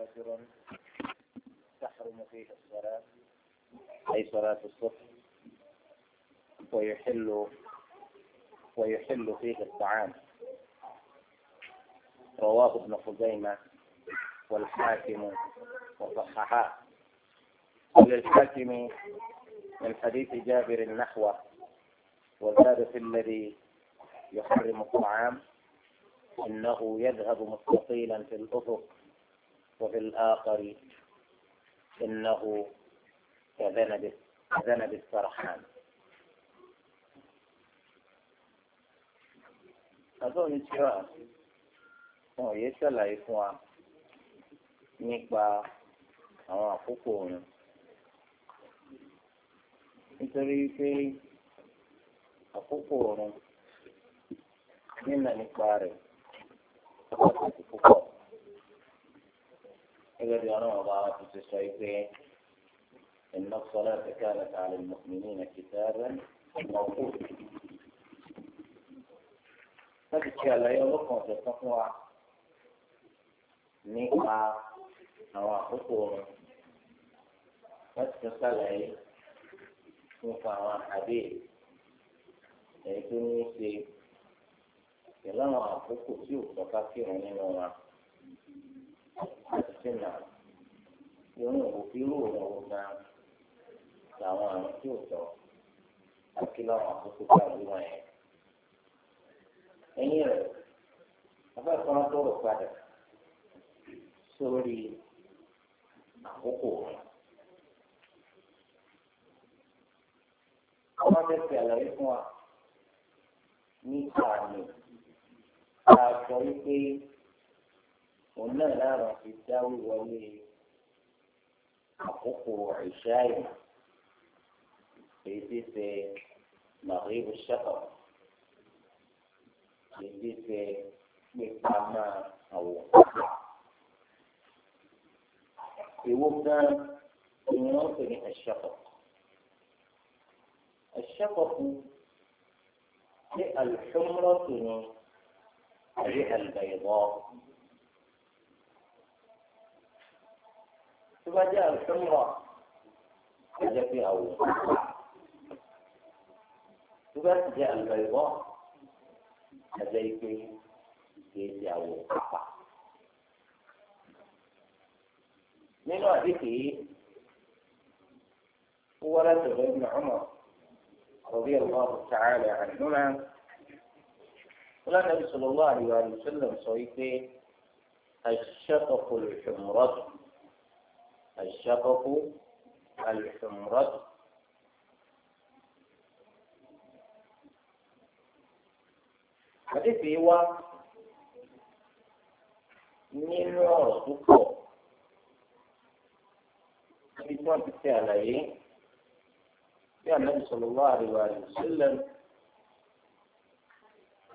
منفجر تحرم فيه الصلاة أي صلاة الصبح ويحل ويحل فيه الطعام رواه ابن خزيمة والحاكم وصححاه وللحاكم من حديث جابر النحو وزاد في الذي يحرم الطعام إنه يذهب مستطيلا في الأفق وفي الآخر إنه كذنب السرحان أظن هو يسأل إخوة نكبا أو أفقون نتري في أفقون نكبا أفقون حجر يانو عبارات الشيطين إن الصلاة كانت على المؤمنين كتابا موقوفا فكت يا الله يوقف في التقوى نقع نواقفهم فكت صلعي مفاوى حبيب لكن يسي يلا نواقفه سيوك فكت يوم نواقفه sínú irun òfin irú òun òun náà làwọn àrùn tí ò tọ́ àti láwọn àkókò tí àwọn ìwọ̀n yẹn. ẹ̀yìn rẹ̀ afẹ́fọ́n tọrọ padà sórí àkókò rẹ̀. àwọn afẹ́fẹ́ àlàyé fún wa nípa àmì àṣọ wípé. òun náà lára fi dáwó wọlé àkókò ìṣáyà èyí tí ṣe màríbù ṣẹ́kọ̀ èyí tí ṣe pípa máa àwọ̀ èwo gan ni wọ́n pè ní ẹ̀ṣẹ́kọ̀ ẹ̀ṣẹ́kọ̀ fún ní alùpùpù ní àbí àlùbẹ̀yẹ̀ bọ́ọ̀. ثم جاء الحمرة جاء في أول ثم جاء البيضاء هذيك في أول من هذه هو لا ابن عمر رضي الله تعالى عنهما ولا النبي صلى الله عليه وسلم صيفه الشفق الحمرة àṣàkọ́kọ́ àlùfẹ̀mùrọ́dù. àdéhùn wa nínú ọ̀rọ̀ tó pọ̀ níbi tí wọ́n ti ṣe àlàyé bí ànábì sallallahu alaihi wasallam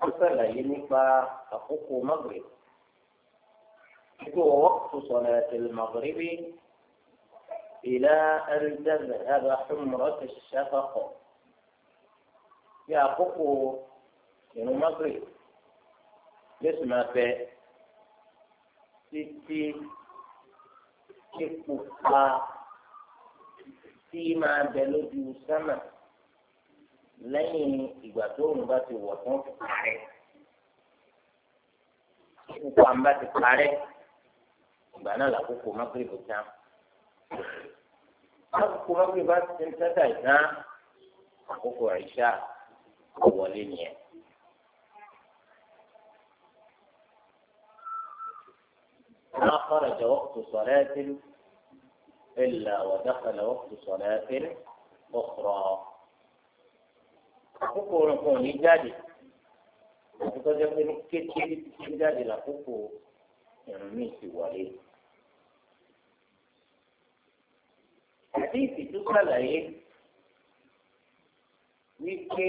ó ṣàlàyé nípa àkókò Maghrib. Ibu waktu salatil maghribi إلى أن تذهب حمرة الشفق يعقوق إنه مغرب يسمى به títí kíkópa tí máa bẹ lójú sánà lẹ́yìn ìgbà tó òun bá ti wọ̀ tán ti parẹ́ kíkópa ń bá ti parẹ́ ìgbà náà làkókò má pé ibùdó àkókò mọ́bí bá ti ń tẹ́tà ìtàn àkókò àìsà wọlé nìyẹn. ما خرج وقت صلاة إلا ودخل وقت صلاة أخرى àkókò orúkọ ní jáde àti tọ́jú pé ní kékeré ti jáde lákòókò ìrìn mi ti wọlé. àdéhìí tó sàlàyé wípé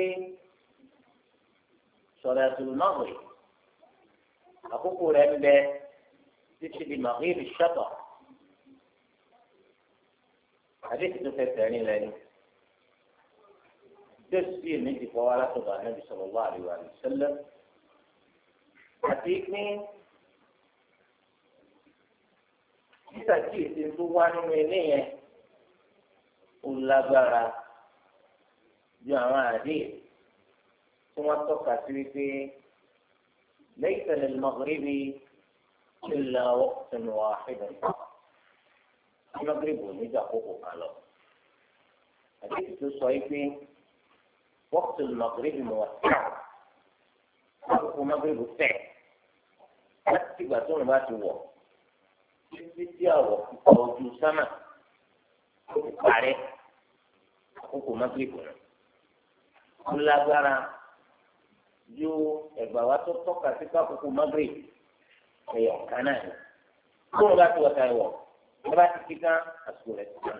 sọ̀rọ̀ àtúrò náà wẹ̀ àkókò rẹ̀ ń bẹ títí di màhírì ṣàtọ̀ àdéhìí tó fẹsẹ̀ rìn lẹ́nu dẹ́sí èmi ti fọwọ́ alátọ̀dọ̀ ànábì sallallahu alaihi wa sallam àti pé títà kí èsì tó wá nínú ilé yẹn. ó lágbára ju àwọn àdéhùn tí wọ́n tọ́ka sí wípé ليس للمغرب إلا وقت واحد المغرب نجا حقوق على حديث الصيف وقت المغرب موسع وقت المغرب الساعة láti ìgbà tó ń bá ti wọ̀ títí tí àwọ̀ ọ̀jú sámà ó ti àkókò mágíríkù rẹ̀ ó lágbára ju ẹ̀gbà wa tó tọ́ka sí kákòókò mágíríkù ẹ̀yọ̀ kan náà ni kó o bá ti wọ̀ta ẹ̀wọ̀ ẹ bá ti kíkà àsìkò rẹ̀ ti kàn.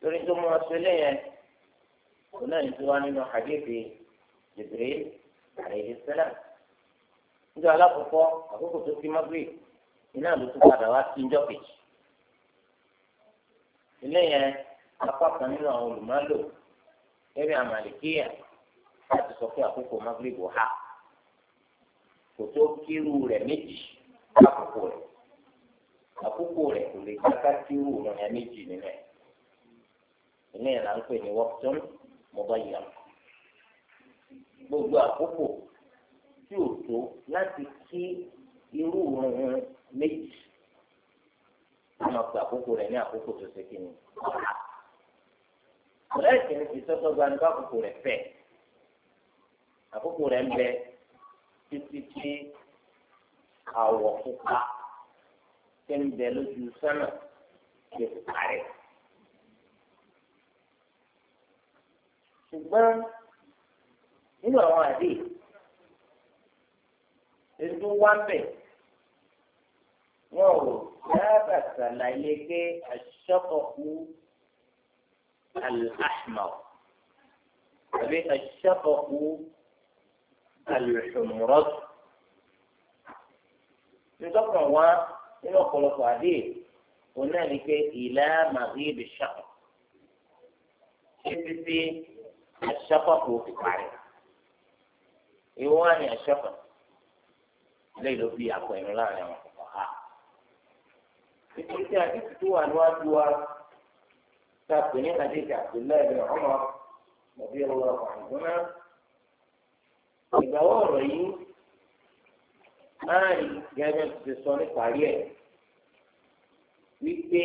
torí tó mú ọsẹ lẹ́yìn ọ náà ní tí wọ́n nínú hadithi Jibril alayhi salam níjọ́ alákọ̀ọ́kọ́ àkókò tó fi mágíríkù iná ló tún padà wá sí ìjọ kejì ilé yẹn apá kan nínú àwọn olùmọ́lò lórí àmàlìkíyà láti sọ pé àkókò magrebo ha kò tó kírú rẹ̀ méjì lákòókò rẹ̀ àkókò rẹ̀ kò lè káká kírú rẹ̀ méjì nínú ẹ̀ ilé yẹn là ń pè ní wọ́pútọ́n mọ́báyà gbogbo àkókò tí ò tó láti kí irú òun méjì wọn máa pe àkókò rẹ ní àkókò tó ṣe kíni ọ̀la lẹ́yìn tí sọ́tọ́ gba ní àkókò rẹ fẹ́ àkókò rẹ ń bẹ títí tí àwọ̀ pupa tí ń bẹ lójú sánà ṣe pupa rẹ. ṣùgbọ́n nínú àwọn àdé ètò wá bẹ̀ wọ́n ò sábà ṣàlàyé pé aṣọ́kọ̀kú al-ahmar àbí aṣọ́kọ̀kú al-humrat. ntọ́kàn wá nínú ọ̀pọ̀lọpọ̀ àdéhùn òun náà ni pé ìlà màgíbi ṣàkọ̀ títí tí aṣọ́kọ̀kú ti parí. ìwọ́n á ní aṣọ́kọ̀ lè ló fi àpò ẹ̀rọ láàrin wọn. nítorí tí àdìsí tó wà níwájú wa ta pè ní àdìsí Abdullahi bin Umar nàbí ọlọ́wọ́ àgbọ̀nà. ìgbàwọ́ ọ̀rọ̀ yìí máa rí gẹ́gẹ́ ti sọ níparí ẹ̀ wípé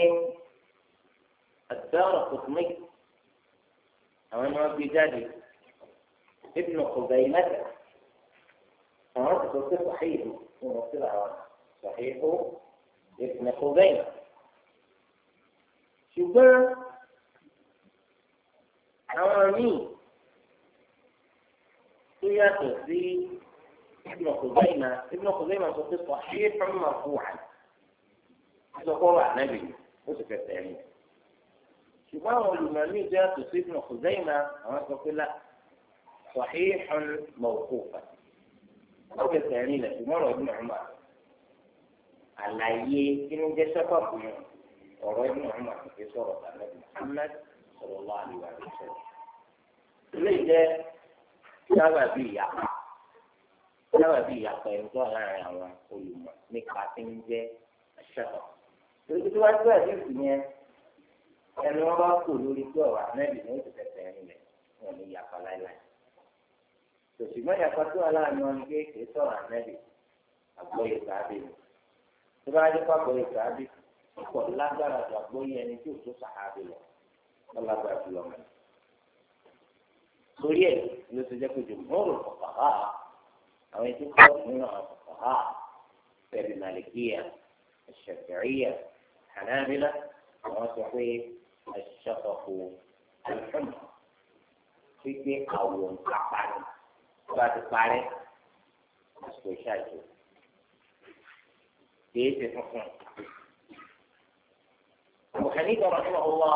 àdáwọ̀ kòtùmí àwọn ni wọ́n gbé jáde ibùdó kògbà yìí mẹ́ta àwọn kòtò sí sàhíhù ní wọ́n sí làwọn sàhíhù. ابن خزيمة ṣùgbọ́n àwọn míì tó yàtọ̀ sí ابن خزيمة ابن خزيمة sọ pé صحيح مرفوعا àtọkọ́rọ̀ ànábì ó sì fẹsẹ̀ rìn ṣùgbọ́n àwọn olùmọ̀ míì tó yàtọ̀ sí ابن خزيمة àwọn sọ pé lá صحيح موقوفا ó fẹsẹ̀ rìn lẹ̀ ṣùgbọ́n ọ̀rọ̀ ابن عمر. àlàyé kínní jẹ́ sẹ́kọ̀ọ̀kù yẹn ọ̀rọ̀ ẹni wọn máa fi sọ̀rọ̀ tàbí Muhammad sọ̀rọ̀ wà lùwà lè sọ̀rọ̀. ilé jẹ́ sábà bí ìyapa sábà bí ìyapa ẹni tó wà láàrin àwọn olùmọ̀ nípa tí ń jẹ́ sẹ́kọ̀. lórí tí wọ́n ti wà lóṣù yẹn ẹni wọn bá kú lórí pé ọ̀rọ̀ anẹ́bì ní oṣù tẹ̀sẹ̀ ẹ̀rin rẹ̀ wọn ní ìyapa láíláí. tòṣùgbọ́n ìyapa tó wà láàrin wọn ní kéèké sọ̀rọ̀ anẹ́bì àgbọ̀yẹ̀ sáà tó bá yẹ kó àgbọ̀yé sàábì kọ̀ lágbára ju àgbọ̀yé ẹni tí ò tó sàábì lọ kọ́ lágbára jù lọ mọ́ torí ẹ̀ ló ti jẹ́ pé jùmọ́rò kọ̀ọ̀kọ̀ mo ṣọ́tọ̀kù ọ̀fọ̀mù ètò kọ́ nínú ha awon kọ̀ọ̀kọ̀ pẹ̀lú màlìkíyà الشافعية الحنابلة awon الشفق الحمر في أول كفر بعد كفر الشاشة kìí ṣe funfun. Àbùkàní ìtọ́ra fún ọlọ́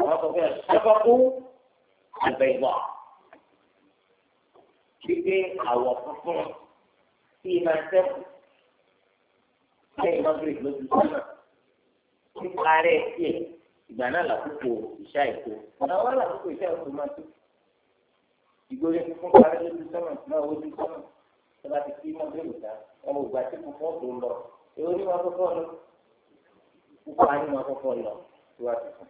àwọn sọ pé ṣẹ́fọ́kú àgbẹ̀gbọ́. Gbígbé àwọ̀ funfun tí ìmọ̀ ṣẹ́kù lẹ́yìn mọ́gírì lójú sọ́nà. Nípa rẹ̀ tiẹ̀ ìgbà náà làkúkò ìṣá ètò. Àwọn làkúkò ìṣá ètò máa tó. Ìgbóyè funfun parí lójú sọ́nà náà ojú sọ́nà. Ṣé bá ti fi mọ́gírì ta? Ọmọ ògbà tí funfun ọ̀dọ́ lọ èwo ni wọn kọ́kọ́ lọ púpọ̀ á ní wọn kọ́kọ́ lọ ìwà tuntun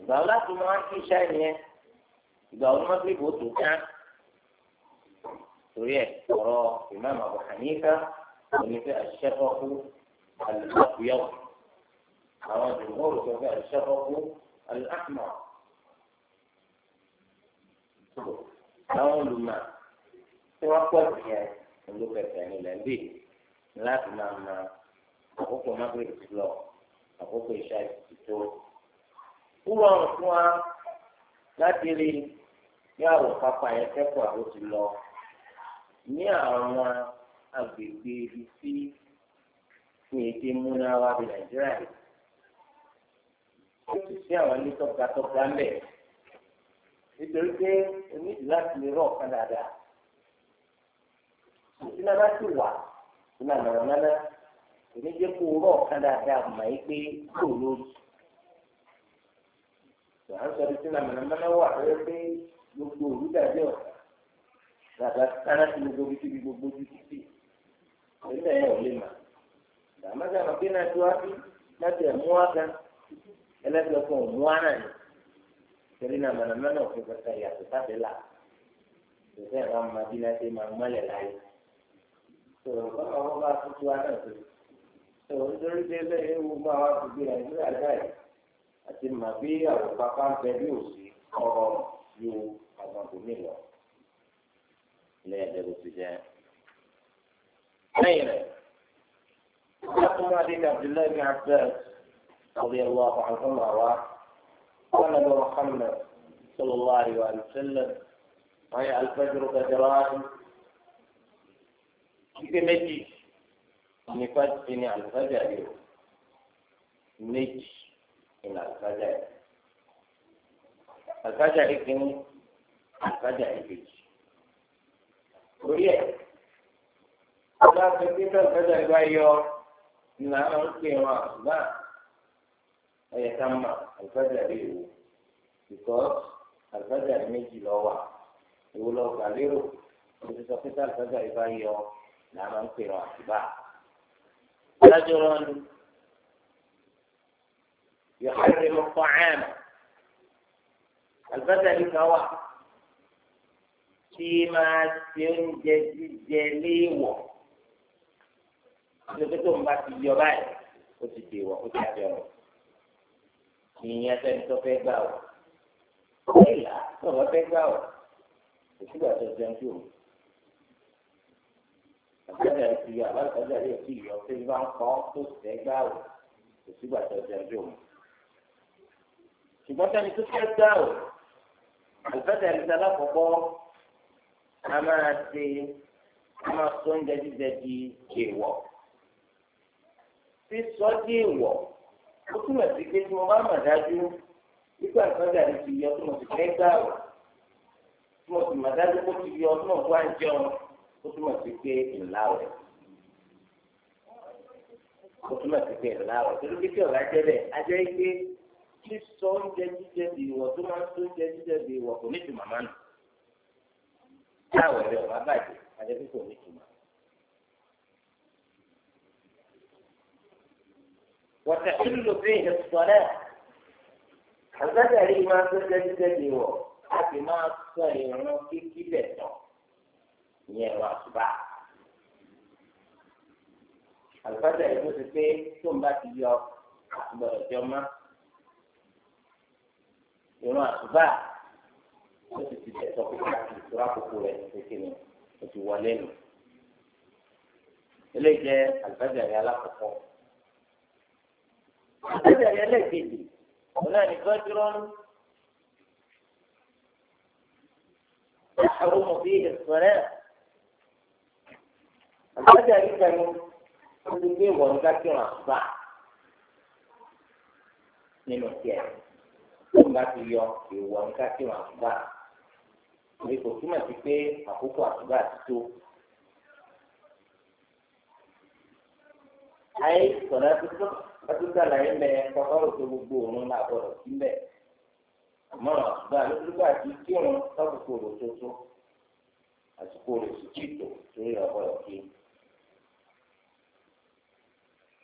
ìgbà wo láti mọ á kí iṣẹ́ yẹn ìgbà wo ni wọn fi bò tó ká torí ẹ ọ̀rọ̀ ìmáàmù Abu Hanifa onífẹ àṣẹfọkú àlùfáàfíyàwó àwọn jùmọ̀rù tó fẹ́ àṣẹfọkú àlùfáàfíyàwó àwọn olùmọ̀ tí wọn pọ̀ sí ẹ olùfẹsẹ̀ nílẹ̀ ń bèèrè láti máa ma àkókò mágbèrè ti lọ àkókò ìṣá ti tó. Wúrọ̀ ọ̀rùn fún wa láti rí ní àwọ̀ pápá yẹn kẹ́kọ̀ọ́ àbó ti lọ ní àwọn agbègbè ibi tí ní èdè múná wa bí Nàìjíríà yìí. Ó ti sí àwọn ilé tọ́gbàtọ́gbà mẹ́ nítorí pé onídìí láti rọ̀ ọ̀kan dáadáa. Ìdílé wà ìlànà ọ̀nàdá èmi jẹ́ kó rọ̀ ọ̀kan dáadáa mọ̀ yí pé kò lórí. à ń sọ ní sínú àmàlàmọ́lá wà lọ́wọ́ pé gbogbo òru dàbí ọ̀sán dàbá sáná sí gbogbo bí síbi gbogbo ojú títì ẹ̀mí ẹ̀yẹ ò lè mà dàmájà máa gbé náà tó wá sí láti ẹ̀mú wá gan ẹlẹ́sìn ọkọ̀ òmú wá náà ni torí náà mànàmáná òfin kankan yàtọ̀ sábẹ́ là ìfẹ́ ìwà sọ̀rọ̀ àwọn bá tuntun aláàbò sọ̀rọ̀ nítorí pé bẹ́ẹ̀ ewu máa wá gbogbo nàìjíríà láì àti mà bí àwọn pápá ń bẹ bí òsì ọ̀rọ̀ ju àwọn àgbòmí lọ. ilé ẹ̀jẹ̀ ló ti jẹ́. lẹ́yìn rẹ̀ látúmọ̀ adéka abdullahi bin abdul رضي الله عنهما وعن النبي محمد صلى الله عليه وسلم وهي الفجر كجراد ìgbé méjì ní fásitì ní àlùfáàjà yìí o méjì ní àlùfáàjà yìí àlùfáàjà yìí kìíní àlùfáàjà yìí kejì orí ẹ ọba pépé tó àlùfáàjà yìí bá yọ ní àwọn ń pè wọn àgbà ẹyẹ ká mà àlùfáàjà yìí o because àlùfáàjà yìí méjì lọ wà èwo lọ gbà lérò òṣìṣẹ́ pé tá yìí bá yọ làá máa ń pè wọn àtibá lọ́jọ́ lọ́nu yọ̀hẹ́rẹ́ ló kọ́ ẹ̀mọ́ àlùbọ́sà yìí kan wà tí máa ṣe oúnjẹ jíjẹ léèwọ̀ lókè tó ń bá ti yọ báyìí ó ti dèwọ̀ ó ti àbẹ̀wò ìyẹn fẹ́ni tó fẹ́ gbà wọ̀ ó ìlà tó wọ́n fẹ́ gbà wọ̀ òṣùgbà tó jẹun tó wọ̀ àgbẹ̀dẹ̀ ti yọ àbájáde rẹ̀ ti yọ pé bá ń kọ́ tó tẹ̀ gbà wò kò sígbà tó jẹ ojú òun. ṣùgbọ́n sẹ́ni tó fẹ́ gbà wò àgbẹ̀dẹ̀ rẹ̀ alákọ̀ọ́kọ́ a máa ṣe a máa sọ oúnjẹ jíjẹ di èèwọ̀. sísọ di èèwọ̀ ó túmọ̀ sí pé tí mo bá mọ̀ dájú nígbà àgbẹ̀dẹ̀ rẹ̀ ti yọ tí mo sì gbà wò tí mo sì mọ̀ dájú kó ti yọ tí mo bá ó túmọ̀ sí pé ńlá rẹ̀ ó túmọ̀ sí pé ńlá rẹ̀ torí pé tí ọ̀rá jẹ́ bẹ́ẹ̀ á jẹ́ pé sísọ oúnjẹ jíjẹ bí ìwọ̀ tó máa ń sọ oúnjẹ jíjẹ bí ìwọ̀ kò ní ìtumọ̀ máa nù tí àwọ̀ rẹ̀ ọ̀rá bàjẹ́ á jẹ́ pé kò ní ìtumọ̀. وتحل فيه الصلاة àgbàdàrí máa ń sọ jẹ́jíjẹ́ bí wọ̀ láti máa sọ ìran kíkí bẹ̀ tán ìyẹn ẹ̀rọ àṣùbà. àlùfáàjà yìí ló ti pé tó ń bá ti yọ àtúbọ̀dọ̀ jọ mọ́. ìrún àṣùbà ó sì ti tẹ̀ sọ pé káàkiri ìtura kòkó rẹ̀ kékeré ó ti wọlé nù. eléyìí jẹ́ àlùfáàjà yìí alákọ̀ọ́kọ́. àlùfáàjà yìí ẹlẹ́ẹ̀kejì òun náà ní gbọ́dúrọ́nù. تحرم فيه الصلاة àgbájá yìí kẹnu ó ti gbé ìwọ nígbà wọn àgbà nínú tiẹ̀ tó bá ti yọ ìwọ nígbà wọn àgbà èyí kò túmọ̀ sí pé àkókò àtúgbà ti tó. ayé sọ̀rọ̀ tuntun ẹtúntà láyé mẹ kọ́kọ́rọ́ tó gbogbo òun náà gbọ́dọ̀ síbẹ̀ àmọ́ àtúgbà lójúgbà tí kí òun lọ́kùnkùn rò tuntun àsìkò sì tì tó torí ọ̀gbọ́dọ̀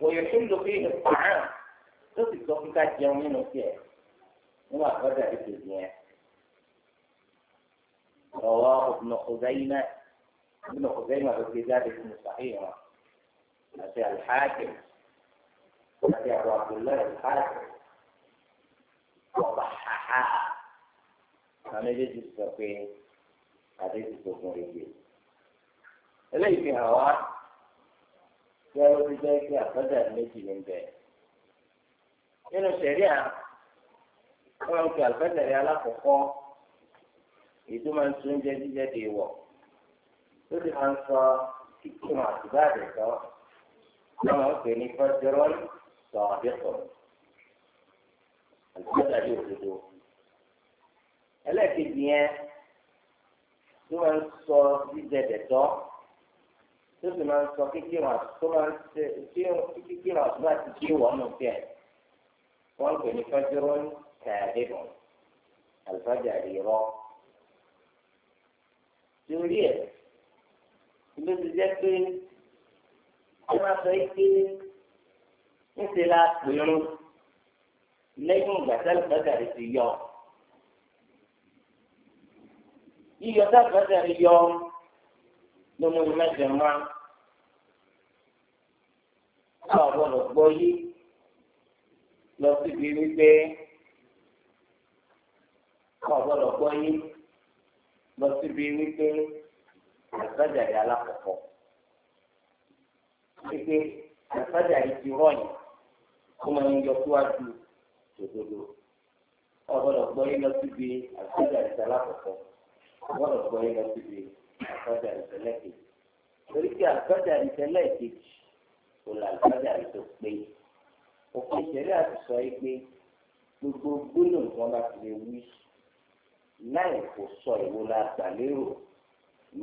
ويحل فيه الطعام تصل توقيتات يومين وكيف وما بدأ بالدنيا رواه ابن خزيمة ابن خزيمة في كتابه المستقيمة نسي الحاكم نسي أبو عبد الله الحاكم وضححها أنا جيت السوقين هذه السوق مريضين إليه في هواه yẹ ló fi jẹ́ pé àkọ́jà méjì ní bẹ̀. nínú sẹ̀ríà wọ́n máa ń pe àlùfẹ́tẹ̀rẹ́ alákọ̀ọ́kọ́ èyí máa ń tún jẹ́ jíjẹ́ dè wọ̀ tó sì máa ń sọ kíkùn àtìgbà àdẹ̀tọ́ wọ́n máa ń pè ní fọ́tírọ́ọ̀lù sọ̀rọ̀ àdẹ́kọ̀ àlùfẹ́tẹ̀rẹ́ òdodo. ẹlẹ́ẹ̀kejì yẹn tó máa ń sọ jíjẹ́ dẹ̀tọ́ tó sì máa ń sọ kékeré wọn tó máa ń ṣe kékeré wọn tó ti kí wọn nù fẹ́ wọn pè ní fẹ́jọ́rọ́ kàdébọ̀n àlùfáàjà ìrọ́ torí ẹ̀ ló ti jẹ́ pé wọ́n máa sọ pé ńṣe la pèrò lẹ́yìn ìgbà tí àlùfáàjà ti yọ yíyọ tí àlùfáàjà yọ ló mú mi a ò gbọ́dọ̀ gbọ́ yí lọ síbi wípé a ò gbọ́dọ̀ gbọ́ yí lọ síbi wípé àgbàjáde alákọ̀ọ́kọ́ wípé àgbàjáde ti rọ̀yìn kó máa ń yọ síwájú òdodo a ò gbọ́dọ̀ gbọ́ yí lọ síbi àgbàjáde alákọ̀ọ́kọ́ a ò gbọ́dọ̀ gbọ́ yí lọ síbi àgbàjáde tẹ́lẹ̀ kejì torí pé àgbàjáde tẹ́lẹ̀ kejì olùdájà rẹ̀ tó pé òfin ìṣẹ̀lẹ̀ àti sọ yìí pé gbogbo gbólóhùn tí wọ́n bá ti lè wí láì kò sọ ìwo la gbà lérò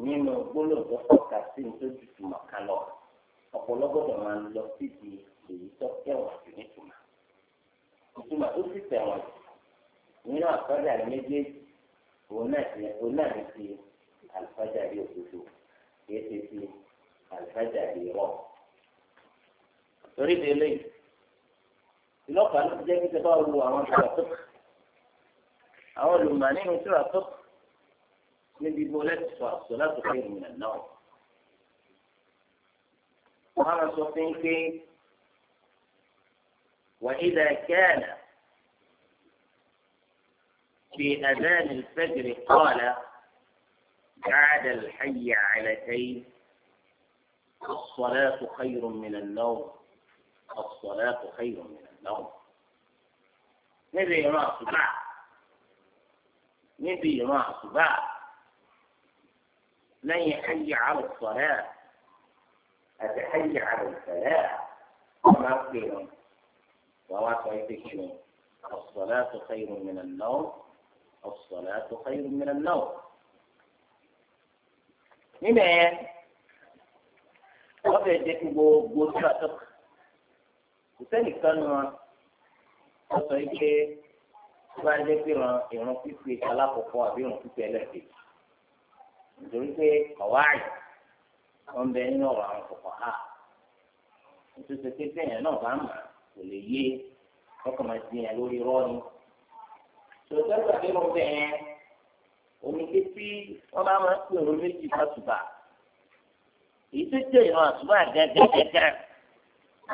nínú gbólóhùn tó tọ́ka sí ní tó tutù màkà lọ ọ̀pọ̀lọ́gbọ̀dọ̀ máa ń lọ síbi èyí tó tẹ̀wọ̀n jù nítumà ìtumà tó sì tẹ̀wọ̀n jù nínú àkọ́jà rẹ̀ méjèèjì òun náà ti àlùfájà rí òdodo kì ti àlùfájà rí rọ́ọ̀. torí de lé ìlọ́pàá ló jẹ́ kíkẹ́ bá wo àwọn ìṣòro àtọ́kù àwọn olùmọ̀ nínú ìṣòro àtọ́kù níbi ibo lẹ́tì sọ àṣọ láti pé ìrìnà náà wọ́n á máa sọ fún pé وإذا كان في أذان الفجر قال بعد الحي علتين الصلاة خير من النوم الصلاة خير من النوم نبي ما صباح نبي ما صباح من يحي على الصلاة أتحي على الصلاة وما فيهم وما شنو؟ الصلاة خير من النوم الصلاة خير من النوم لماذا؟ وفي ذلك بوضع kò sẹ́nìkan nu wọn wọ́n sọ pé tó bá ń jẹ́ pé ran ìran pípé alákọ̀ọ́kọ́ àbí ìran pípé ẹlẹ́sìn nítorí pé kọ̀wáì wọ́n bẹ nínú ọ̀rọ̀ àwọn kọ̀kọ̀ ha nítorí pé bẹ́ẹ̀ náà bá mà kò lè yé ọkàn máa di yẹn lórí rọ́ọ̀nì tòótọ́ ìgbàgbé wọn bẹ́ẹ̀ omi títí wọ́n bá máa ń pè wọn méjì bá tùbà èyí tó jẹ́ ìran àtúbà gẹ́gẹ́ gẹ́gẹ́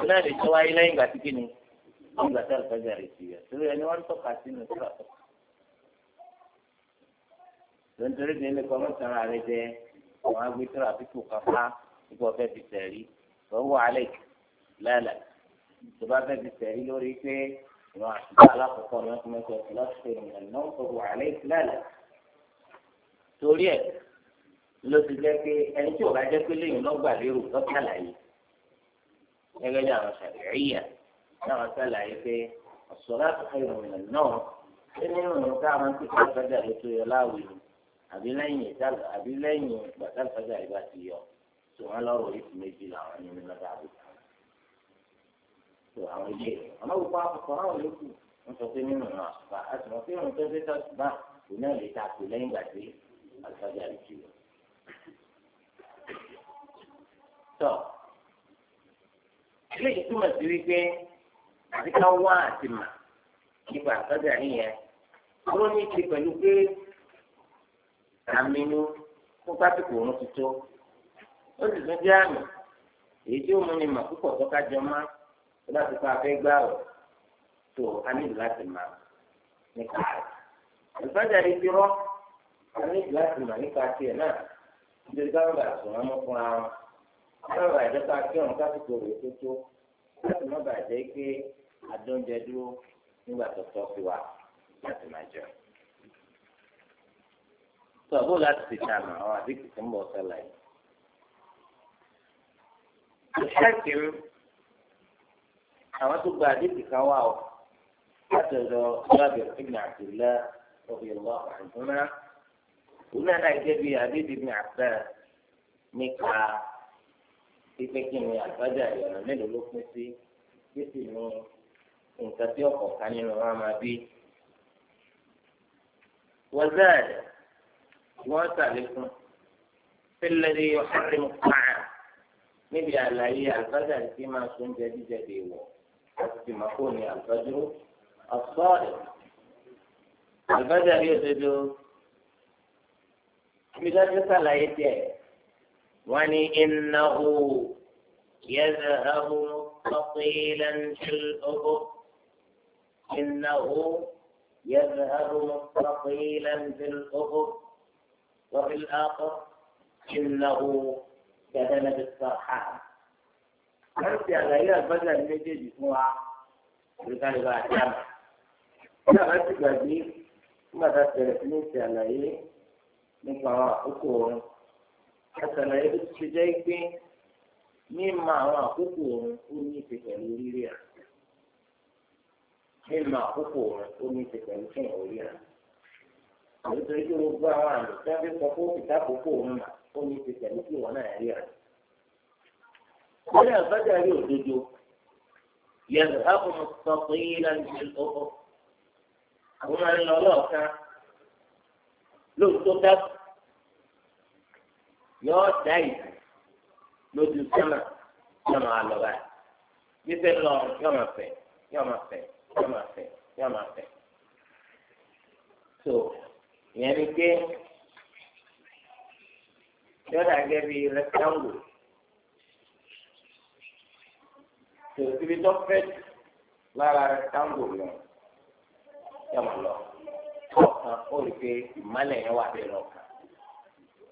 náà lè tọ́ wáyé lẹ́yìn ìgbà tí kìíní wọ́n gbà tá àlùfáàjà rẹ̀ ti yẹ torí ẹni wọ́n tọ́ka sínú síra tó. lóńtorí ní ilé kọ́ mọ́tàrà rẹ̀ jẹ́ àwọn agbésọ́rọ̀ àbíkú kápá nípa ọ̀fẹ́ ti tẹ̀rí lọ́wọ́ alẹ́ lálẹ́ tó bá fẹ́ ti tẹ̀rí lórí pé ìwọ̀n àtúntà alákọ̀ọ́kọ́ ni wọ́n ti mẹ́tọ́ lọ́sẹ̀ ìrìnà torí ẹ ló ti jẹ́ pé ẹni tí ò gẹ́gẹ́ bí àwọn ṣàlàyé náà ṣàlàyé pé ọ̀ṣọ́lá tó fẹ́ ìròyìn náà ṣé nínú ìròyìn tá a máa ń pè fún ìfẹ́jà ló tó yọ láàwì àbí lẹ́yìn ìtàlù àbí lẹ́yìn gbàtà ìfẹ́jà ìgbà ti yọ tó wọn lọ́rọ̀ orí ti méjì làwọn nínú lọ́dà àbúkà tó àwọn ilé àmọ́ gbogbo àkọ́kọ́ àwọn yòókù ń sọ pé nínú ìrìn àṣùpá a sì mọ̀ pé ìrìn tó eléyìí túmọ̀ sí wípé àti ká wá àti mà nípa àtọ́jà nìyẹn wọ́n ní ti pẹ̀lú pé àmì inú fún pásítọ̀ òun ti tó ó sì tún jẹ́ àmì èyí tí ó mú ni mà púpọ̀ tó ká jọ má tó bá ti pa afẹ́ gbá ọ̀ tó a nílò láti mà nípa rẹ̀ àtọ́jà yìí ti rọ́ a nílò láti mà nípa tiẹ̀ náà nítorí báwọn sọ̀rọ̀ mọ́ fúnra wọn yóò bá ìjọ ká kí ọ̀run kásìkò rẹ̀ tó tó láti má bàjẹ́ pé àdóúnjẹ dúró nígbà tó tọ́ sí wa láti máa jẹun. tó àbó láti ti tààmà ọ àdìkì tó ń bọ̀ sọ́la yìí. ìṣẹ́kìm àwọn tó gba àdìkì kan wà ó láti lọ lábẹ́ ìpínlẹ̀ àdìlá ọ̀bì ìwà àdúrà. òun náà náà jẹ́ bí àdìkì ní àbẹ́ nípa. pípẹ́ kí ni àgbájá ìyọ̀nà mélòó ló pín sí kí sì ní nǹkan tí ọkọ̀ ká nínú wa máa bí. wọ́n وزاد وثالث في الذي يحرم الطعام níbi àlàyé àgbájá tí máa sún jẹdíjẹdì wọ àti tí máa kó ní àgbájú ọ̀sọ́ọ̀dì àgbájá yóò dodo ibi tó ti sàlàyé díẹ̀ ولانه يذهب مستطيلا في الافق انه يذهب مستطيلا في الافق وفي الاخر انه كذب بالصرحان أنت على إلى البدل اللي يجي يسمعها بالكاري بعد جامعة. أنا بس بجي ما تسألني أنت على إيه؟ من قرار حكومة àtàlàyé ló ti jẹ́ pé mímọ àwọn àkókò òun ó ní ṣe pẹ̀lú rírí à mímọ àkókò òun ó ní ṣe pẹ̀lú fún ìwòrí à fún òkìtà àkókò nítorí pé gbogbo àwọn àmì tí wọ́n fi sọ fún òkìtà àkókò òun mà ó ní ṣe pẹ̀lú kí ìwọ náà rí à. lórí àbájáde òdodo yẹnu ákùnrin sọ pé yíyan ti lọ́wọ́ àwọn máa ń lori ri ododo yeru akunrin lọ́ọ̀kan yin lóòótọ́ dákú. yóò dá ìlú lójú sọ́nà yóò máa lọ báyìí gbígbé lọ yóò máa fẹ̀ yóò máa fẹ̀ yóò máa fẹ̀ yóò máa fẹ̀. so ìyẹn ni pé yóò dà gẹ́gẹ́ bí rẹ́kítángbò tó ibi tó fẹ́ lára rẹ́kítángbò lọ yóò máa lọ kọ̀ọ̀kan ó rí i pé ìmọ̀lẹ̀ yẹn wà bí lọ́kàn.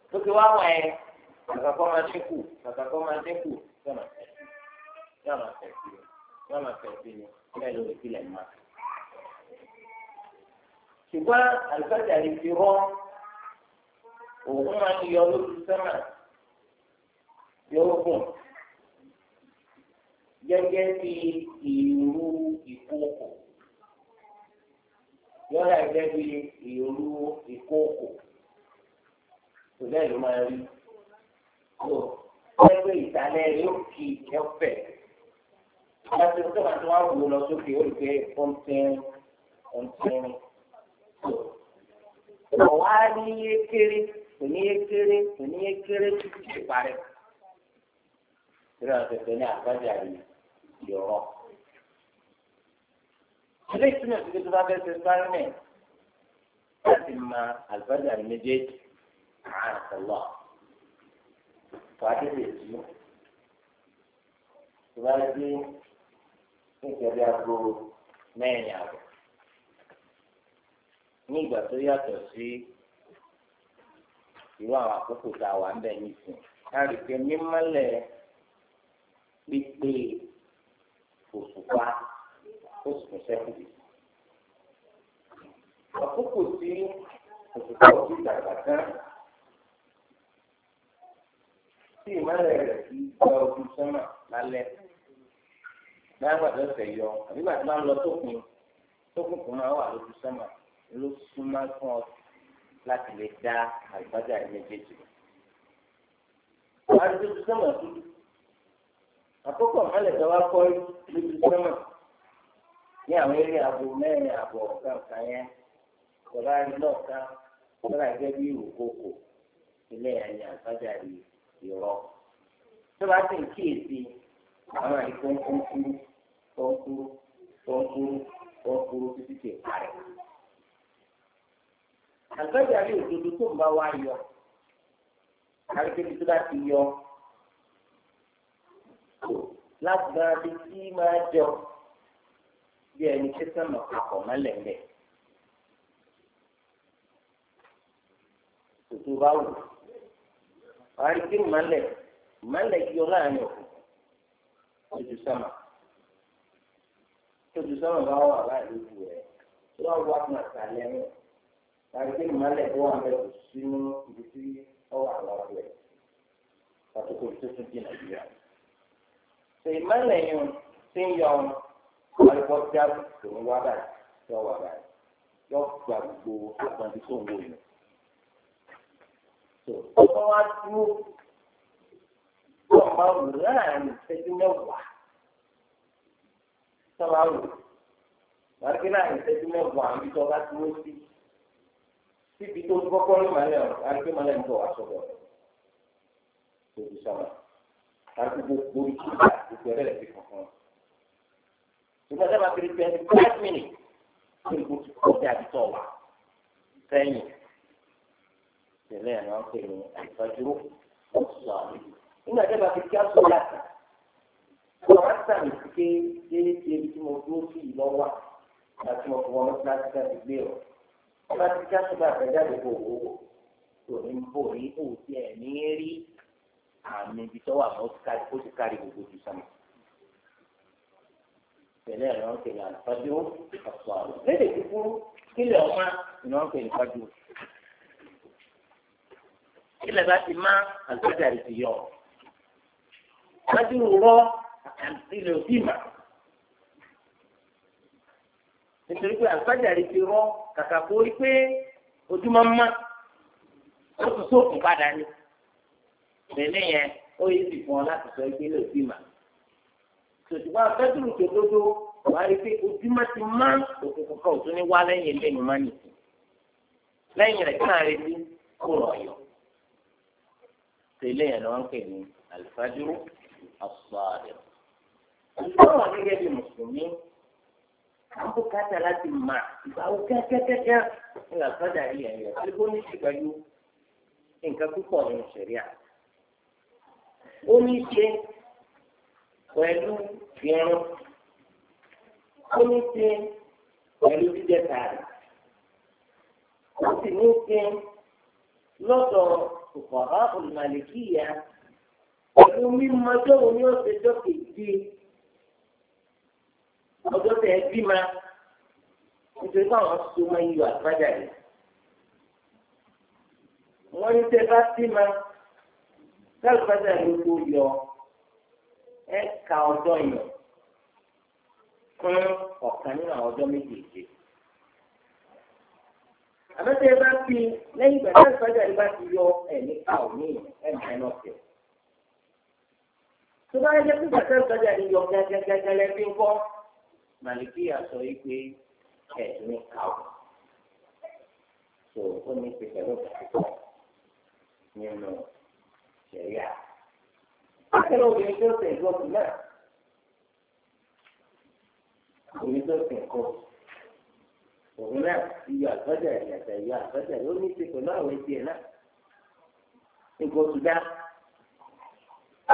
tó ti wá wọ̀ ẹ́ kàkà kọ́ máa dínkù kàkà kọ́ máa dínkù yóò máa tẹ̀ yóò máa tẹ̀ sí yóò máa tẹ̀ sí ni bẹ́ẹ̀ ló lè tilẹ̀ mọ́. ṣùgbọ́n àlùfáàjà yìí ti rọ́ òun máa ń yọ lójú sẹ́mà yóò gùn gẹ́gẹ́ bí ìrú ìkókò yọ̀ọ́dà gẹ́gẹ́ bí ìrú ìkókò kò bẹ́ẹ̀ ló máa rí ẹgbẹ́ ìsàlẹ̀ yóò kì í ẹ̀fẹ̀. Láti ọjọ́ kan tí wọ́n wò lọ sókè ó lè fẹ́ ọ̀ntẹ́rin ọ̀ntẹ́rin. Ọ̀wá ní yé kéré, kò ní yé kéré, kò ní yé kéré tó ti ṣe parẹ́. Ìrìn àtẹ̀tẹ̀ ní àgbájá yìí yọ̀rọ̀. Ilé ìtumọ̀ ìdílé tó bá fẹ́ ṣe sáré náà láti máa àgbájá méjèèjì àárọ̀ lọ́wọ́. wàá tètè jí tó bá dé nítorí aago mẹ́rin àbọ̀ ní ìgbà tó yàtọ̀ sí irú àwọn àkókò tá a wà ń bẹ̀ nìsín a rí pé mímọ́lẹ̀ pípé òṣùpá tí ìmọ̀lẹ̀ rẹ̀ kì í gba ojú sọ́nà lálẹ́ láyàgbà tó fẹ́ yọ àbígbà tó bá ń lọ sókun sókun kò máa wà lójú sọ́nà ló súnmọ́ fún ọ láti lè dá àgbájá ilé jẹjẹ. wàá lójú sọ́nà dúdú àkókò ìmọ̀lẹ̀ tó wá kọ́ lójú sọ́nà ní àwọn eré ààbò mẹ́rin ààbò ọ̀gáǹkà yẹn kò láàrin náà ká kó láì bí ìwòkókò ilé ẹ̀yìn àgbájá yìí irọ́ tó bá sì ń kíyèsí àwọn àìkú ń kún kúrú tó ń kúrú tó ń kúrú tó ń kúrú títí tè parẹ́. àgbẹ̀dẹ̀ àrí òdodo tó ń bá wá yọ àríkèbí tó bá ti yọ lágbára bí tí máa jọ bí ẹni tí sọ̀nà papọ̀ mọ́lẹ̀ mẹ́. Tòtò bá wù wàá rí kí màálẹ̀ màálẹ̀ yọ láàrin òkú ojú sọ́mà ojú sọ́mà bá wà láàrin ojú rẹ̀ tí wọ́n wá fún àtàlẹ́ ní wàá rí kí màálẹ̀ tó wà mẹ́rin sínú ibi tí ó wà lọ́wọ́ rẹ̀ pàtó kò tó tún di nàìjíríà. ṣe ìmọ̀lẹ̀ yẹn ti ń yọ ọ̀rẹ́kọ́ jáde tó ń wá báyìí tó wà báyìí yọ tó ọkọ̀ wá dúró tó ọmọ wò láàrin ìṣẹ́jú mẹ́wàá tó bá wò wàá gbé láàrin ìṣẹ́jú mẹ́wàá àbí tó bá dúró sí síbi tó kọ́kọ́ ní màlẹ́ ọ̀rọ̀ àti màlẹ́ ń bọ̀ wá sọ̀rọ̀ lórí sọ̀rọ̀ àti gbogbo ìtura ìgbẹ́rẹ́ ti kankan. Ìgbà tí a bá fi twenty five minutes tó ìgbò tó kọjá àbí tọ̀ wá sẹ́yìn tẹ́lẹ̀ náà pè ní àìfajúrò ọ̀sùn àmì nígbà tí a bá fi kí á sọ láti ọ̀rọ̀ àtà mi ti ké déédéé tí mo dúró sí ìlọ́wà láti mo fọwọ́ mọ́ láti láti gbé ọ̀ ọba ti kí á sọ bá àtẹ̀jáde kò wò ó kò ní bò ní kò tiẹ̀ ní rí àmì ibi tọ́wọ́ àmọ́ ó ti kárí gbogbo ju sàmì tẹ̀lé ẹ̀rọ ń pè ní àlùfáàdúró àmì lédè kúkúrú kílẹ̀ ilẹ̀ bá ti má àgbàdàrí ti yọ. Wájú rọ ilẹ̀ òbí mà. Nítorí pé àgbàdàrí ti rọ kàkà kó rí pé ojúmọ́ má ó ti sókun padà ni. Bẹ̀lẹ́ yẹn ó yẹ sì fún ọ láti sọ ẹgbẹ́ ilẹ̀ òbí mà. Sòtìwá àgbàdàrí tó dódó wà á rí pé ojúmọ́ ti má òkùnkùn kan ò tún ní wá lẹ́yìn ilé ìmọ̀ nìkan. Lẹ́yìn rẹ̀ kí náà retí kó lọ yọ tẹ́lẹ̀ yẹn ni wọ́n ń pè ní alifájúrú àfọ̀àdẹ̀. ọ̀sọ́rọ̀ gẹ́gẹ́ bí mùsùlùmí àbúkátà láti mà ìgbàwó kẹ́kẹ́kẹ́kẹ́ ní àfọ̀dà yìí ẹ̀yẹ alùpùpù ní ṣe pẹ̀lú nǹkan púpọ̀ nínú ṣẹ̀ríà. ó ní ṣe pẹ̀lú irun ó ní ṣe pẹ̀lú jíjẹ tààrí ó sì ní ṣe lọ́dọ̀ فقهاء المالكية pẹ̀lú mímọ̀ jọ́wọ́ ni ó ṣe jọ́ kejì ọjọ́ tẹ̀ ẹ́ bí ma nítorí báwọn so máa ń yọ àgbájá yìí. wọ́n ní tẹ́ bá sí ma sálùbájá ló yọ ẹ ọjọ́ yàn fún ọ̀kan nínú àwọn ọjọ́ méjèèjì àmọ́ tẹ́ ẹ bá fi lẹ́yìn ìgbà tí àlùfáàjà yìí bá ti yọ ẹ̀mí ká òní ẹ̀mí ẹ̀ náà tẹ̀. tó bá yẹ kí bàtà àlùfáàjà yìí yọ gẹ́gẹ́gẹ́gẹ́ lẹ́bí ńkọ́ màlìkí àsọ yìí pé ẹ̀mí ká ò. tó ó ní pé pẹ̀lú ìgbàgbọ́ nínú ṣẹ̀yà. akẹ́lẹ́ obìnrin tó tẹ̀ ìgbọ́kùn náà obìnrin tó tẹ̀ kọ́ وهناك ìyá àgbàdà ìyàtọ̀ ìyá àgbàdà ló ní ti pẹ̀lú àwọn ẹbí ẹ̀ náà nǹkan oṣù dá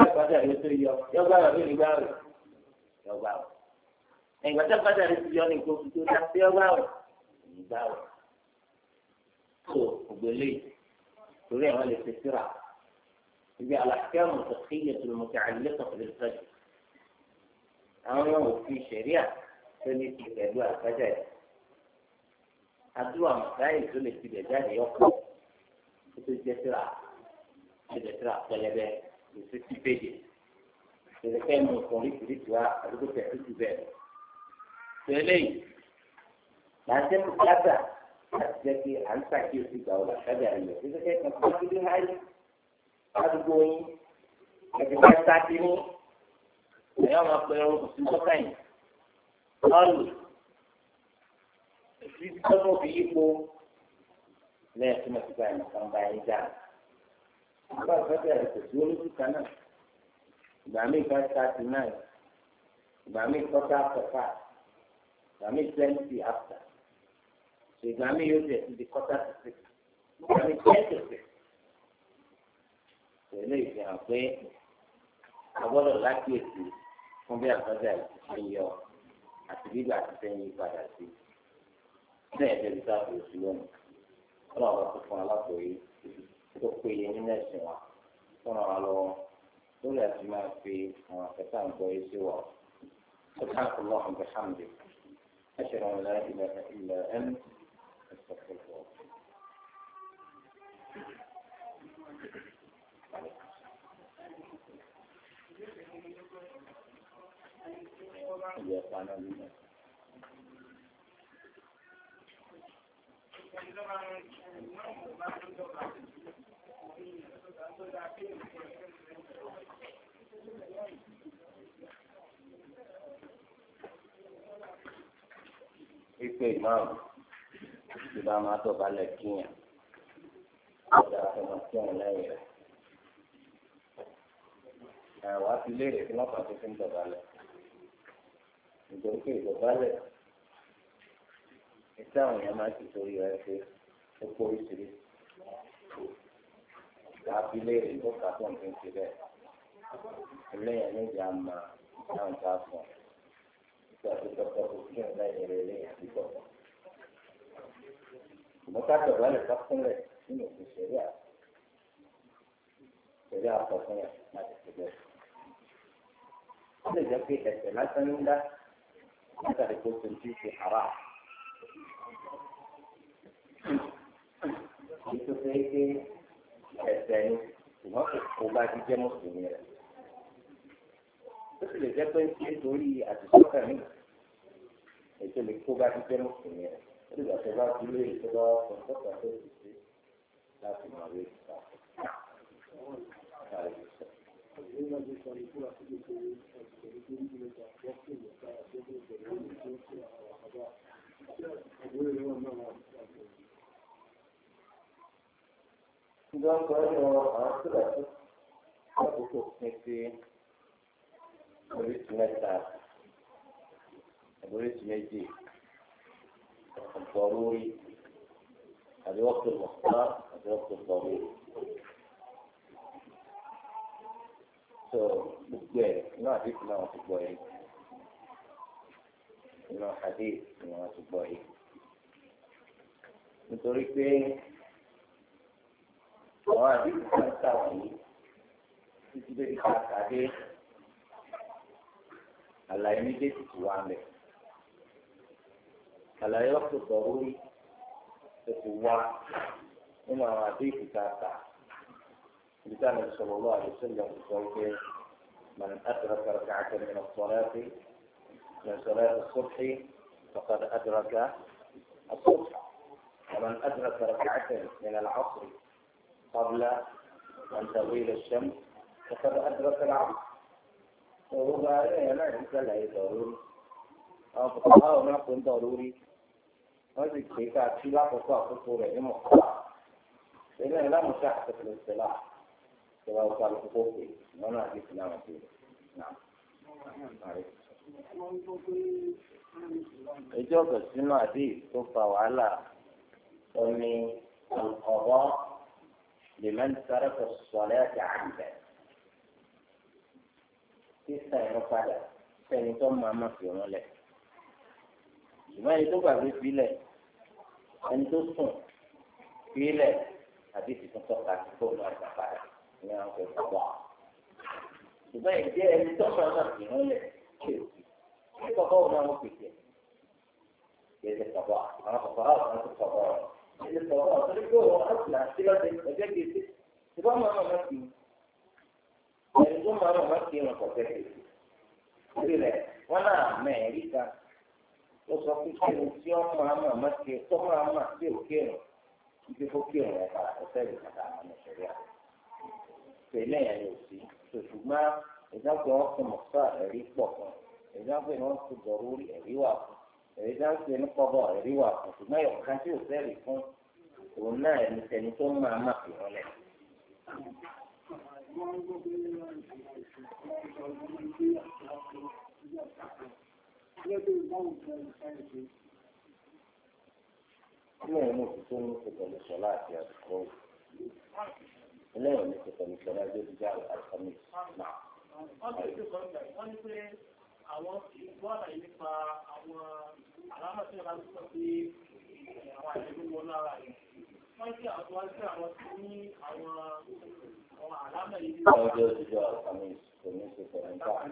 àgbàdà ló tó yọ yọgbà rẹ̀ ló lè gbà rẹ̀ yọgbà rẹ̀ ẹ̀gbà tó àgbàdà ló ti yọ ní nǹkan oṣù tó dá sí yọgbà rẹ̀ ìgbà rẹ̀ tó ògbélé torí àwọn lè fi síra ibi àlàkẹ́ mọ̀tàkìyẹ tó mọ̀tà àlẹ́kọ̀ pẹ̀lú sọ́jà àwọn yóò fi ṣẹ̀ríà tó ní ti pẹ̀lú àgbàdà yìí. àdúrà mọ̀sáyì tó lè tibẹ̀ jáde yọkọ̀ tó tó jẹ́ síra jẹ́ síra pẹlẹbẹ lè ṣe ti péjì lè fẹ́ mú nǹkan oríṣiríṣi wa àdúgbò tẹ̀sí ti bẹ̀rẹ̀. tẹ́lẹ̀ yìí láti mú kájà láti jẹ́ pé à ń ṣàkíyèsí gbà ọ̀la kájà rẹ̀ lọ sí kẹ́kẹ́ fún kílí háyì ládùúgbò yín ẹ̀jẹ̀ bá sáà ti ní ẹ̀yọ́ máa pẹ̀lú ọ̀sùn títí tọ́mọ fi yípo lẹ́yìn tí mo bá yín dà. Nígbà tó bẹ̀rẹ̀ kò sí náà. Ìgbà míì kan thirty nine. Ìgbà míì kọ́tà kọ́tà. Ìgbà míì twenty after. Ìgbà míì yóò jẹ́ ti di kọ́tà to Ìgbà míì ten to six. Pẹ̀lú pé a láti èsì fún bí àgbàdo àti ìṣẹ́ yọ àti bíbá àti ìṣẹ́ padà sí i bẹ́ẹ̀ bẹ́ẹ̀ bí sáà oṣù lónìí ọlọ́run bá tó fún alákòóyè tó péye nínú ẹ̀sìn wa fún ara lọ́wọ́ lórí àti máa fi àwọn akẹ́kọ̀ọ́ àgbọ̀ yìí sí wa سبحانك اللهم وبحمدك أشهد أن لا إله إلا أنت أستغفرك وأتوب إليك. Ipe ìmáàmù ti bá máa tọ̀ balẹ̀ kíyàn. Ọ̀dà àtọ̀mọ̀ kíyàn lẹ́yìn rẹ̀. Ẹ̀wọ̀n á ti léèrè kí wọ́n pàṣẹ fún ìjọba lẹ̀. Ìjọba ìjọba lẹ̀ ìta àwọn èèyàn máa ti torí rẹ pé ó kó oríṣiríṣi tàbí léèrè tó kà fún òfin ti bẹ́ẹ̀ eléyàn níjà máa dáhùn tá a fún ìgbà tó tọ́kọ tó kí n lẹ́yìn rẹ léyìn àdúgbò. mo ká tọ̀rọ̀ lè ká fúnlẹ̀ nínú òfin ṣẹ̀rí à ṣẹ̀rí àpọ̀ fún yà láti ṣe bẹ́ẹ̀. ó lè jẹ́ pé ẹ̀sẹ̀ lásán ń dá látàrí kó tó ti ṣe àrà ètò ṣe é pé ẹ̀ṣẹ̀ ni ṣùgbọ́n kò bá ti jẹ́ mùsùlùmí rẹ̀. ó sì lè jẹ́ pé ṣé torí àtìsọ́kà mi ètò lè kó bá ti jẹ́ mùsùlùmí rẹ̀. ó lè gbàgbé bá ti lé ètò lọ sọ̀tọ̀tọ̀ tó ti ṣe láti mọ̀ wé ìta. Thank you ìjọ sọ ẹ̀rọ àwọn sílẹ̀ tó àkókò pín sí oríṣi mẹ́ta oríṣi méjì ọ̀pọ̀lórí àti wọ́pọ̀ mọ̀tá àti wọ́pọ̀ pọ̀lú. tó gbogbo ẹ̀ náà àdéhùn náà ti gbọ́ yìí náà àdéhùn náà nítorí pé. àwọn àdìgbò máa ń tà wọ̀nyí títí bẹ́ẹ̀ ká kàdé àlàyé méjèèjì tó wà mẹ́. àlàyé ọ̀pọ̀ sọ̀rọ̀ orí tó ti wá nínú àwọn àdìgbò tá a kà ibi tá a lè sọ̀rọ̀ lọ́wọ́ àdìsọ́ ìyá kò sọ pé من أدرك ركعة من الصلاة من صلاة الصبح فقد أدرك الصبح ومن أدرك ركعة من العصر قبل أن تغيب الشمس فقد أدرك العبد وهو إيه، لا يزال أي ضروري أو فقهاء آه، ما كن ضروري هذه الشيكة لا تقع خطورة لمقطع إيه، لأن لا مشاحة في الاصطلاح سواء قال حقوقي وأنا أحدث نعم نعم عليكم ìjọba sínú àdéhùn tó fa wàhálà omi لمن ترك الصلاة عمدا sísá ẹ̀rọ padà sẹ́ni tó máa ma fi ọ̀rọ̀ lẹ̀. ìmọ̀ ẹni tó gbàgbé sílẹ̀ ẹni tó sùn sílẹ̀ àbí tuntun tọ́ka tí kò máa gbà padà ní àwọn ọ̀fẹ́ tó wà. ìmọ̀ ìdí ẹni tó máa ma fi ọ̀rọ̀ lẹ̀ kéèkì kí kọ̀kọ́ wọn máa ń pèsè. kéèkì kọ̀kọ́ àwọn kọ̀kọ́ àwọn kan tó kọ̀kọ́ ọ̀rọ̀. اللي طلبها طلب هو اصلا سيبك الحاجات دي تبقى ما ما في يعني ثم ما ما في ما فاتك كده وانا امريكا eu só fiz que não tinha uma alma, mas que só uma alma se eu quero, se para você na minha chegada. Pelé é eu sim, se já gosto mostrar, é de pouco. já gosto de barulho, é de èyí dá ṣe ní kọ́bọ̀ ẹ̀rí wà fún ṣùgbọ́n ọ̀kan tí ò fẹ́ẹ̀rí fún òun náà ẹni tẹni tó máa má fi hàn lẹ̀. Ilé ìwé òtítọ́ ní ṣe pẹ̀lú sọ́lá àti àdúgbò. Ilé ìwé ní ṣe pẹ̀lú sọ́lá àti àdúgbò àwọn ìwọ́n nípa àwọn àlámà tí wọ́n eh, àwọn àìlú lára rẹ̀. Wọ́n tí àwọn wá sí àwọn tí ní àwọn àlámà yìí. Ọjọ́ ìjọ àmì ìṣòro ṣe pẹ̀lú ìgbà. Wọ́n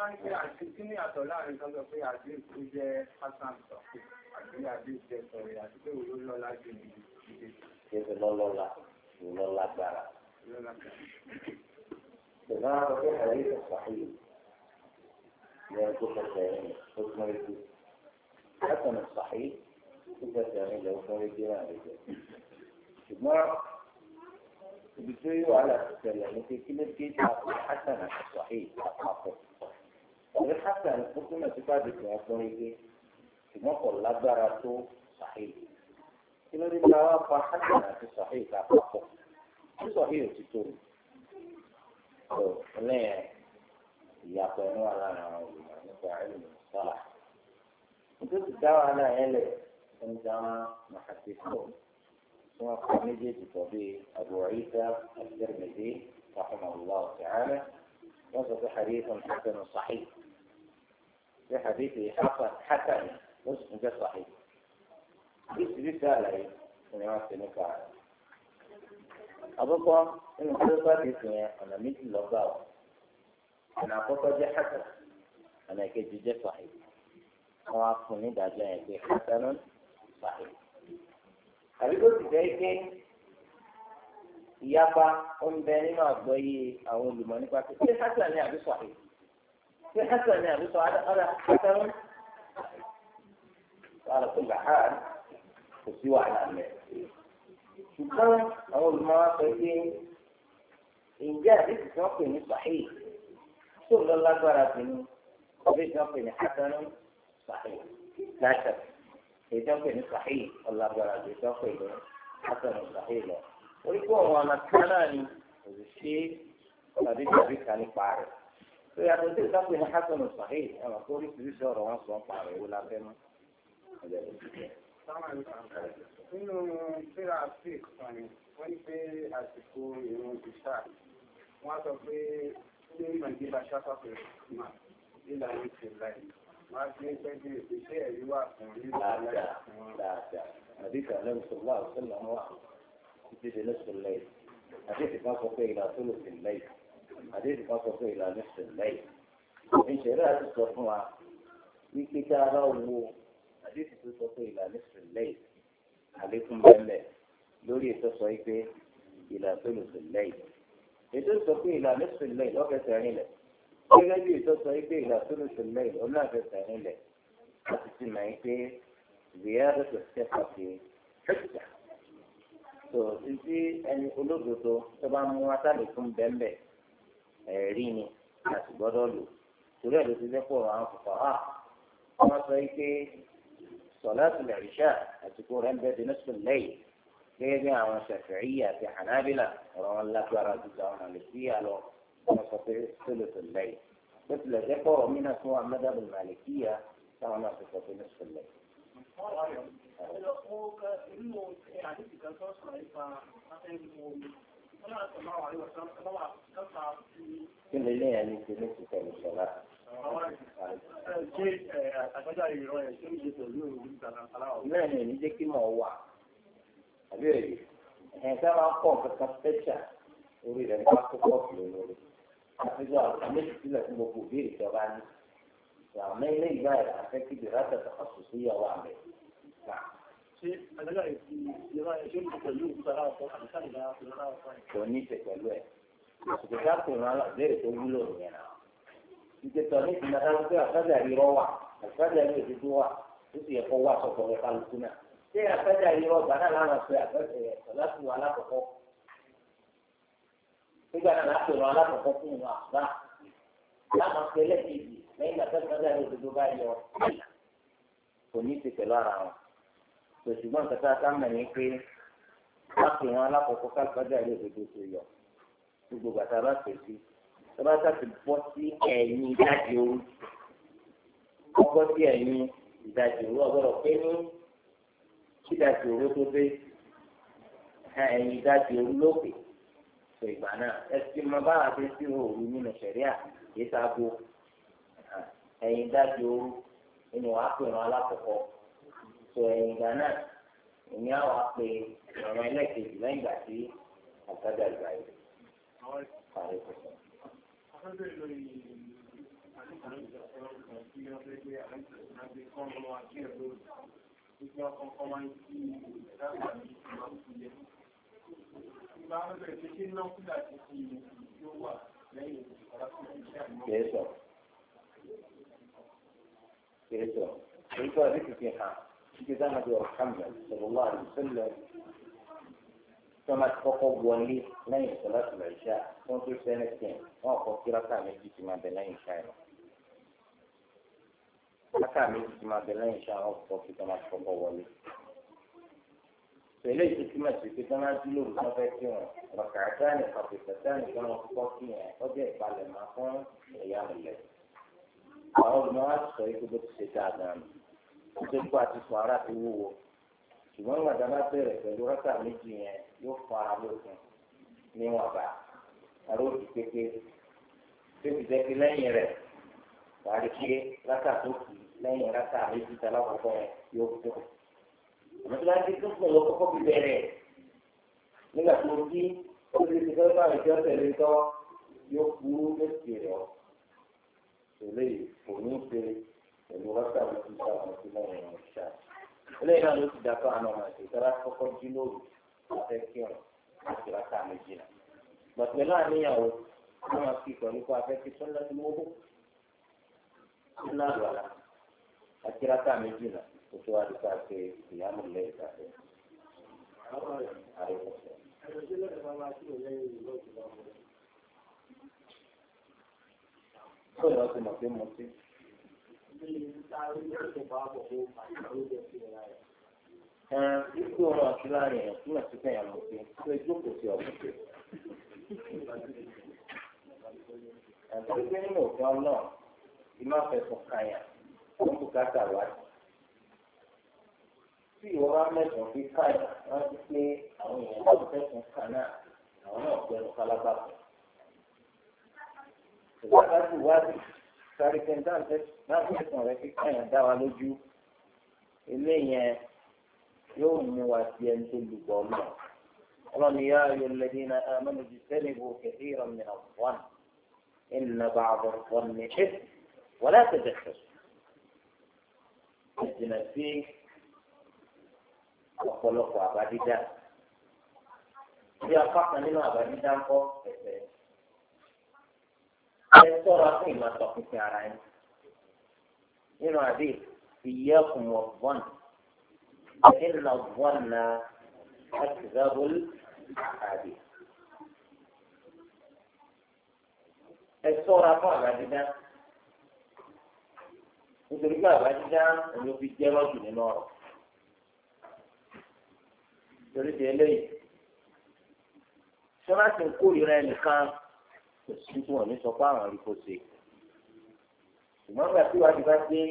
á ń pè àti kí ní àtọ̀ láàrin kan sọ pé àdéhùn tó jẹ́ Hassan sọ pé àti àdéhùn jẹ́ sọ̀rọ̀ àti pé òun ló lọ́lá jù ní ìdíje. Ṣé ti lọ́lọ́lá? Ìlọ́lágbára. Ìlọ́lágbára. àwọn ọ̀rẹ́ يعني يعني لا تقدر تعمل حكم الجنة حتى من الصحيح تقدر تعمل لو كان الجنة رجال المرأة بتسويه على السريع لكن كلمة كيس حسنة صحيح حقق غير حتى الحكم ما تفادت من الطريق تنقل لدرجة صحيح كلمة الجواب حسنة صحيح حقق صحيح تتوني ọlẹ́yìn ìyàtọ̀ ní wà lára àwọn tó ti dá wàhálà yẹn lẹ̀ ó ń dá wọn màkàtí pọ̀ tí wọ́n kọ́ méjèèjì pọ̀ bíi Abu Isa al-Tirmidhi rahimahullah ta'ala wọ́n sọ pé hadith hasan sahih pé hadith hasan hasan ló sì tún jẹ́ sahih bí ti bí sáà láyé ni wọ́n ti nípa rẹ̀. àkọ́kọ́ nínú tó bá ti sìn yẹn ọ̀nà méjì lọ́gbà ọ̀ ọ̀nà àkọ́kọ́ jẹ́ hasan ọ̀nà ìkejì jẹ́ sahih. wọn á fún nídàájọ́ yẹn pé kásánù sàrè àbí tó ti jẹ́ pé ìyapa ó ń bẹ nínú àgbọ́yé àwọn olùmọ̀ nípa pé ṣé hásán ni àbí sàrè ṣé hásán ni àbí sàrè ọ̀dà kásánù sàrè kò gbà hàn kò sí wàhálà mẹ́ ṣùgbọ́n àwọn olùmọ̀ wa sọ pé ǹjẹ́ àdéhùn tí wọ́n pè ní sàrè tó lọ lágbára bínú ọ̀bẹ tí pè ní kásánù. صحيح لا شك إذا كان صحيح الله برد إذا كان حسن صحيح له ويكون وانا كلامي الشيء tàbí tàbí kan nípa rẹ̀ tó yàtọ̀ sí ìsápè ní hasan sahih àwọn akórí ìṣiríṣi ọ̀rọ̀ wọn sọ nípa rẹ̀ wó la fẹ́ mọ́. nínú síra sikh kan ni wọ́n ní pé àsìkò ìrun ìṣá wọ́n sọ pé ní màdìbà ṣáfàfẹ́ mà nílànà ìṣẹ̀lẹ̀ láì. Àdìkà lẹ́nu sọ̀rọ̀ àwọn sọ̀rọ̀ àwọn wà títí di lẹ́sùn lẹ́yìn. Àdìkà kan sọ pé ìlà tó lò sí lẹ́yìn. Àdìkà kan sọ pé ìlà lẹ́sùn lẹ́yìn. Ìṣẹ̀lẹ̀ àti sọ fún wa wípé tá a bá wo àdìkà tó sọ pé ìlà lẹ́sùn lẹ́yìn. Àlékún bẹ́ẹ̀ lórí ètò sọ pé ìlà tó lò sí lẹ́yìn. Ètò sọ pé ìlà lẹ́sùn lẹ́yìn lọ́fẹ̀ẹ́ sẹ́rin lẹ̀ gẹ́gẹ́ bí ìtọ́sọ ẹgbẹ́ ìlàsórí ìṣẹ̀lẹ̀ ìlọ́nà àfẹsẹ̀ nílẹ̀ láti ti mọ̀ ẹ́ pé ìgbéyà rẹ̀ ṣẹ̀ pàṣẹ ṣẹ́kìtà. tó títí ẹni olódodo tó bá mú atálẹ̀ fún bẹ́ẹ̀nbẹ́ ẹ̀rí ni láti gbọ́dọ̀ lò torí ẹ̀ ló ti dẹ́pọ̀ àwọn kòkò hà ah, wọ́n sọ pé sọ̀lá tilẹ̀ ìṣá àtìkú rẹ̀ ń bẹ́ẹ̀ dín gẹ́gẹ́ bí àwọn ṣàfihàn àti hànábìlà ọ̀rọ̀ wọn lágbára ju àwọn àlùfíà lọ wọ́n sọ pé sólòtò lẹ́yìn bó tilẹ̀ jẹ́ pọ̀rọ̀ mí náà fún amẹ́dàbò màlìkíyà táwọn náà ti sọ pé ní sọ ni ilé yẹn ní ti ní ti tẹ̀lé sọ̀rọ̀? Ṣé àtàkọ́jà ìrọ̀ ẹ̀ ni èmi jẹ́ kí mọ̀ wà. Àbí òye, ẹ̀ka máa pọ̀ kankan pẹ́ṣà orí rẹ̀ ń bá tó pọ̀ sí lórí àtijọ́ àwọn méjì sílẹ̀ fún gbogbo òbí ìjọba ní ìyàwó ilé ìgbà ẹ̀ àfẹ́ kí bèrè àtẹ̀tẹ̀ kan sùn sí ìyàwó àmì. ṣé àdájọ́ ìfi ìjọba ẹ̀ ṣé pẹ̀lú ìfúnra ọ̀sán àti sáà ìlànà ìfúnra ọ̀sán? kò ní í ṣe pẹ̀lú ẹ̀ àsìkò sáàpù náà béèrè tó wúlò nìyẹn náà. ìjẹtọ̀ ní ìgbìmọ̀ dájú pé àfẹ́jà irọ́ wà àfẹ́jà irọ́ òdodo wà ó sì yẹ wà sọ̀tọ̀ nígbà náà láti ọ̀rọ̀ alákọ̀ọ́kọ́ fún ìwọ̀n àbá láàmú pẹ̀lẹ́ kejì lẹ́yìn ìgbà tẹ́lẹ̀ náà lè dodo bá yọ kò ní ti pẹ̀lú ara wọn kò ṣùgbọ́n nǹkan tá a sáà mọ̀ ní pé láti ọ̀rọ̀ alákọ̀ọ́kọ́ kálífàjà lè dodo tó yọ gbogbo bàtà bá pè sí tó bá sáà bọ́ sí ẹ̀yìn ìdájì ooru ọgbọ́ sí ẹ̀yìn ìdájì ooru ọgbọ́dọ̀ pé ní ìdájì ooru tó dé ẹ̀yìn ìdájì ooru lókè sọ ìgbà náà ẹsì mọ báwa ṣe sí òru nínú sẹríà yìí sáàbò ẹyin dájú ooru nínú wàá pè wọn alákọ̀ọ́kọ́ sọ ẹyin ìgbà náà èmi á wàá pè ọ̀rọ̀ ẹlẹ́kejì ìgbà tí àgbàdo àgbà yìí parí kọsọ. Thank you kẹsọ̀ kẹsọ̀ èyí tó a ti kìkì hàn títí dáná bí ọ̀hánmẹ̀ sọ̀rọ̀lá àdùsẹ́lẹ̀ tọ́lá ti kọ́kọ́ wọlé lẹ́yìn sọ̀rọ̀ àtúnlẹ̀ ìṣá fún tó sẹ́ni tẹ̀ wọ́n kọ́ kíráta méjì ti máa bẹ lẹ́yìn ìṣá yẹn. kíráta méjì ti máa bẹ lẹ́yìn ìṣá wọn kọ́ kí tọ́lá ti kọ́kọ́ wọlé pẹ̀lú èyí tí màtí pé tí wọ́n ti lò wọ́n fẹ́ kí wọn bàkà àtàní kàfé sàtàní kí wọ́n kọ́ kí wọn ọjọ́ ìpalẹ̀ máa fún ẹ̀yà rẹ̀. àwọn olùmọ̀ wá sọ yìí pé bó ti ṣe dáadáa nù ó ti kó àti fún ara ti wúwo ṣùgbọ́n gbàdá bá bẹ̀rẹ̀ pẹ̀lú rákà méjì yẹn yóò fún ara lókun níwọ̀n bá ara ó ti pépé tó ti jẹ́ wàá rí pé rákà tó kù lẹ́yìn rákà méjì tẹ́lá mọ́tíláṣí tó fún wọn kọ́kọ́ fi bẹ̀rẹ̀ nígbà tó kí ó ti ti fẹ́ bá ìjọ tẹ̀lé tọ́ yóò kúrú lókè rẹ̀ tẹ̀lé kò ní ṣe pẹ̀lú rákà ló ti sá àwọn tí wọ́n rìn ṣá. eléyìí náà ló ti dàtọ́ àná ọ̀nà ìṣẹ̀dára kọ́kọ́ jí lóru afẹ́ kírun láti rákà méjì náà. gbọ̀gbẹ́ náà níyàwó wọ́n máa fi pẹ̀lú kó afẹ́ kí sọ́ńdà ti mú bó. ó náà lọ́la àti rákà méjì náà kó tó wá di ká ṣe ìyámù lẹ́yìn ìgbàgbọ́. Kó ìlọ ti mọ̀ pé mo ti. Ikú ọ̀rọ̀ àti láàrin èèyàn túmọ̀ sí fẹ̀yàn mo ti. Ṣé ìjókòó ti ọ̀gbìn ṣe? Àtàwọn ìgbẹ́ nínú òfin ọlọ́run, ìmọ̀ àfẹ́sùn kàyà, ó tí ìwọ́n bá mẹ́sàn-án fi káyì wọ́n ti pé àwọn èèyàn náà fẹ́sùn kan náà àwọn náà gbẹ̀rù kálábà kan. ìwádà sí ìwádìí sáré kẹńtà náà fẹ́sùn rẹ̀ fi káyàn gbe kalaba kan iwada si iwadii sare kenta naa fesun re fi kayo da wa lójú eléyẹn yóò mú wa sí ẹni tó lu ni lùgbọ́ náà. قال يا أيها الذين آمنوا اجتنبوا كثيرا من الظن إن بعض الظن إثم ولا تجسسوا اجتنب فيه ọ̀pọ̀lọpọ̀ àbádídá bí apá kan nínú àbádídá ń kọ́ ẹ̀fẹ̀ ẹ sọ̀rọ̀ fún ìmọ̀tọ̀pinpin ara yín nínú àdé ìyẹ́kùn ọ̀gbọ́n ẹ̀yìn ọ̀gbọ́n na ẹ̀kìdábólú àdé ẹ sọ̀rọ̀ fún àbádídá nítorí pé àbádídá ló fi jẹ́ lọ́jù nínú ọ̀rọ̀ torí di eléyìí ṣé láti ń kórìíra ẹnìkan kò sí wọn ní sọ pé àwọn àríkò ṣe ṣùgbọ́n nígbà tí wàá ti bá dé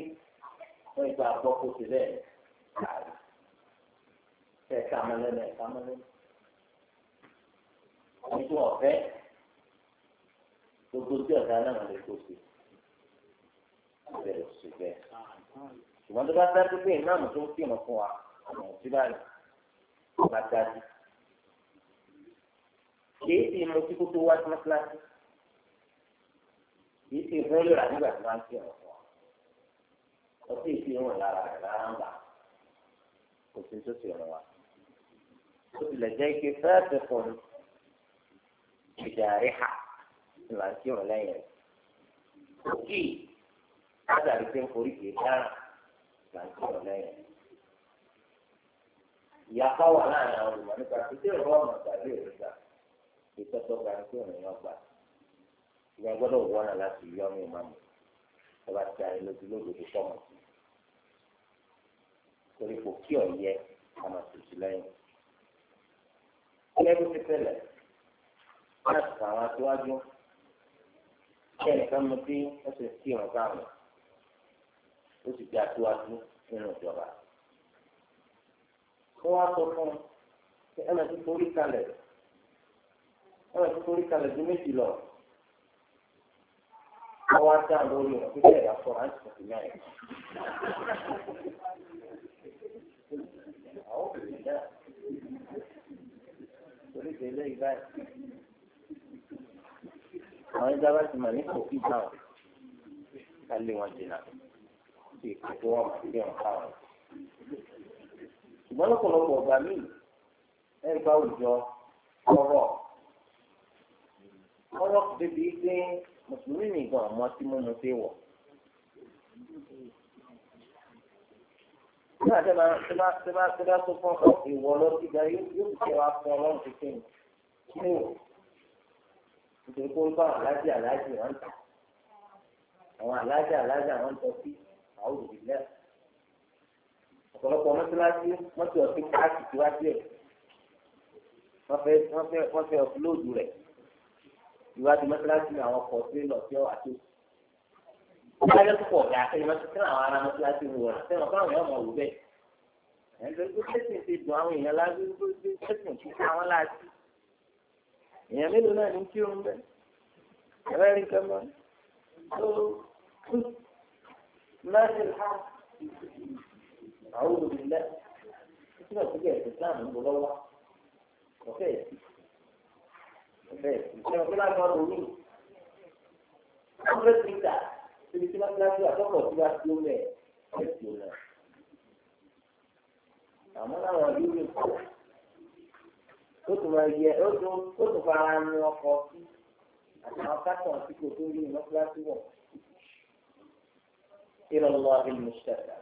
wọ́n ìgbà àgbọ̀ kó ṣe bẹ́ẹ̀ káàrí ẹ̀ka mọ́lẹ́nu ẹ̀ka mọ́lẹ́nu àwọn tí wọ́n fẹ́ gbogbo tí ọ̀gá náà lè kó ṣe bẹ́ẹ̀ ṣe bẹ́ẹ̀ ṣùgbọ́n tó bá dájú pé ìmáàmù tó ń kírun fún wa àwọn ò tó bá dájú kìí ti mú kí kótó wá sí mọ́sálásí kìí ti hún lóra nígbà tí wọ́n á fi ọ̀rọ̀ wọn ọtí ìfi hàn lára rẹ̀ rárá ń bà kò sí tó ti rọ̀ wá ó tilẹ̀ jẹ́ ike fẹ́ẹ́fẹ́ fún ìdarí ha ìlà ń kírun lẹ́yìn rẹ̀ òkì látàrí pé ń forí kìí dára ìlà ń kírun lẹ́yìn rẹ̀ ìyapa wà láàrin àwọn olùmọ̀ nípa pété ìrọ̀ ọ̀nà tàbí ìrìgbà ìtọ́tọ́ gba ní kí ènìyàn gbà ìyẹn gbọ́dọ̀ wọ́nà láti yọ ní ìmáàmù ọba tí a yẹ lójú lódodo fọ́ọ̀mù sí torí kò kí ọ̀ yẹ ká máa tòṣì lẹ́yìn. ọlẹ́bí ti fẹ́lẹ̀ láti àwọn aṣíwájú kí ẹnìkan mú bí wọ́n ti kí ìrùn ó sì gbé aṣíwájú nínú ìjọba kó wá sọ fún un pé ẹnà tó forí kalẹ̀ ẹnà tó forí kalẹ̀ ju méjì lọ wọ́n wá dá lórí wọn pé bẹ́ẹ̀ bá fọ́ra ń sọ̀tún náà yẹn. àwọn òbí náà torí tẹ̀lé ìbáyìí àwọn ẹja bá ti mà ní kòkí náà ká lé wọn jìnnà sí ìkókó wọn àti bí wọn ṣùgbọ́n lọ́pọ̀lọpọ̀ ọ̀gá míì ẹ̀ gba òjò ọ̀rọ̀ ọ̀rọ̀ bèbí pé mùsùlùmí nìkan ọmọ tí mo mú sí wọ̀. nígbà tí wọ́n ti bá ti bá ti bá tó fún ọ ìwọ lọ sí ga yóò ṣe wá fún ọlọ́run tuntun ní o nítorí pé ó bá aláàjì aláàjì wọn ta àwọn aláàjì aláàjì wọn tọ́ sí àwọn òbí lẹ́sìn ọ̀pọ̀lọpọ̀ mọ́tíláṣí mọ́tí ọ̀sìn káàkiri tí wá sí ẹ̀ wọ́n fẹ́ wọ́n fẹ́ wọ́n fẹ́ ọ̀pọ̀lọ́ọ̀dù rẹ̀ ìwádìí mọ́tíláṣí ni àwọn ọkọ̀ sí lọ sí ọ̀wà tó. ó bá yẹ púpọ̀ ọ̀gá àtẹ̀yìn mọ́tíláṣí àwọn ará mọ́tíláṣí wò wọ́n àtẹ̀yìn ọ̀gá àwọn ọmọ wò bẹ́ẹ̀. ẹ̀ńdẹ́ tó tẹ̀sìn ti dùn àwọn èèyàn lábẹ́ tó tẹ̀sìn ti àwọn olùdílẹ̀ síbẹ̀ síbẹ̀ islam ń bọ̀ lọ́wọ́ ọ̀fẹ́ ẹ̀sìn ọ̀fẹ́ ẹ̀sìn ìṣẹ́ ọ̀fẹ́ láti ọ̀dọ̀ mi hundred meters ibi tí wọ́n ti láti àtọ́kọ̀ tí wọ́n ti ó mẹ́ ẹ̀sìn ọ̀nà àmọ́ láwọn ìlú mi kọ̀ ó tún máa yẹ ó tún ó tún fara ní ọkọ̀ àtàwọn kátàn tí kò tó rí iná kíláàsì wọ̀. إلى الله المستقبل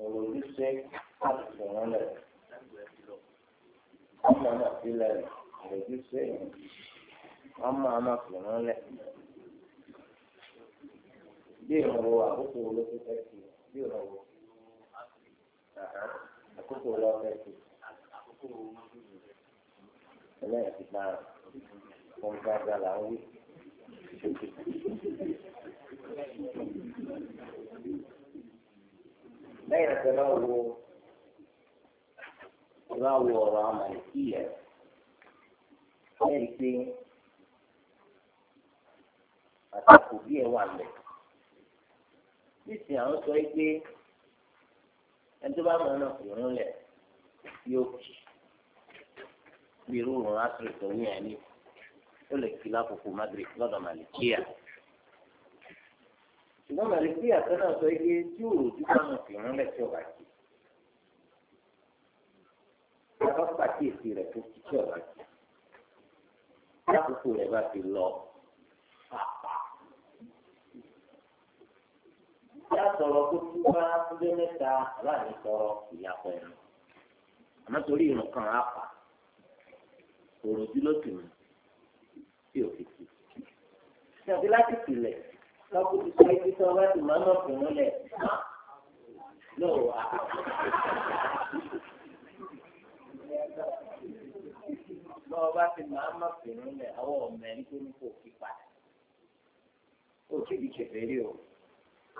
ọ̀rọ̀ oníṣẹ́ àtìkù wọn lẹ̀. wọ́n máa máa fi ọ̀rọ̀ oníṣẹ́ yẹn wọ́n máa máa fi bí ìrànwọ́ àkókò ló ti fẹ́ sí bí ìrànwọ́ àkókò ló fẹ́ sí. ẹlẹ́yìn ti bá wọn gbàgbà là wí lẹ́yìn ẹ̀sẹ̀ náà wo náà wo ọ̀rọ̀ àmàlìkíyà lẹ́yìn pé àtàkù bí ẹ̀ wà lẹ̀ nísìnyí àwọn sọ yìí pé ẹni tó bá mọ̀ náà kò rún lẹ̀ yóò kì bí irú òun á sọ̀rọ̀ ìtọ́wé yẹn ní ó lè kí lákòókò magreth lọ́dọ̀ màlìkíyà ṣùgbọ́n màlẹ́ pé àtẹ náà sọ pé tí òòrò tí wọ́n mọ̀ rán lẹ́tí ọ̀gá jù yàtọ̀ pàkíyèsí rẹ̀ tó ti tí ọ̀gá jù lákòókò rẹ̀ bá ti lọ pàpà. Ìyá sọ̀rọ̀ tó tú bá túnbé mẹ́ta láàrin sọ̀rọ̀ ìyàpọ̀ ẹ̀nu. Àmọ́ torí ìrùn kan á pa. Òròjú ló tì mí tí ò fi tì. Ṣé àbí láti tìlẹ̀? lọ́kùn ti sọ ibi tí wọ́n bá ti máa ń nọ̀kùn lọ́lẹ̀ lọ́wọ́ lọ́wọ́ bá ti máa ń nọ̀kùn lọ́lẹ̀ àwọn ọ̀mọ ẹni kò fi padà ó ti di kẹfẹ́rí o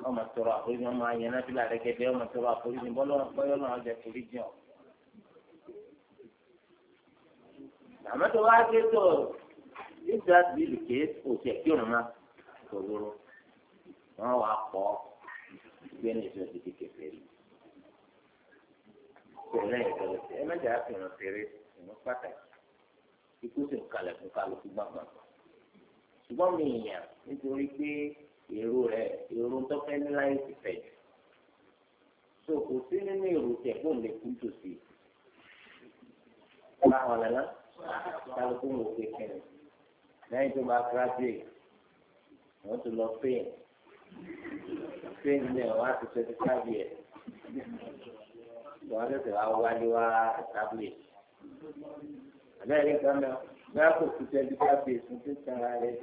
ọmọ tọrọ àforíjì ọmọ ayẹnà bí la rẹgẹdẹ ọmọ tọrọ àforíjì bọ́lọ́ bọ́yọ́ náà jẹ foríjì ọ. àmọ́ tó wá dé tó if that be the case kò tẹ̀ kí òun má kò lóró wọn wà pọ̀ gbẹ́ni tí wọ́n ti di kékeré pẹ̀lú ìbẹ̀rẹ̀ sí ẹ mẹ́jọ àfihàn fèrè ìmú pàtàkì ikú sì ń kalẹ̀ fún kálukú gbàgbà ṣùgbọ́n mi ìyàn nítorí pé èrò rẹ̀ èrò tó fẹ́ ní láyé ti fẹ̀ jù so kò sí nínú èrò tẹ̀ fún lè kú tòsí ọ̀la ọ̀la náà kálukú ń wò kékeré lẹ́yìn tó bá graduate wọ́n ti lọ fẹ́ẹ̀ train ní ẹ̀ wá ti twenty five years wọ́n tẹ̀sẹ̀ wá wálé wá establish àbẹ́rẹ́ nǹkan náà bá kò sí twenty five years ní tó tẹ̀ ara rẹ̀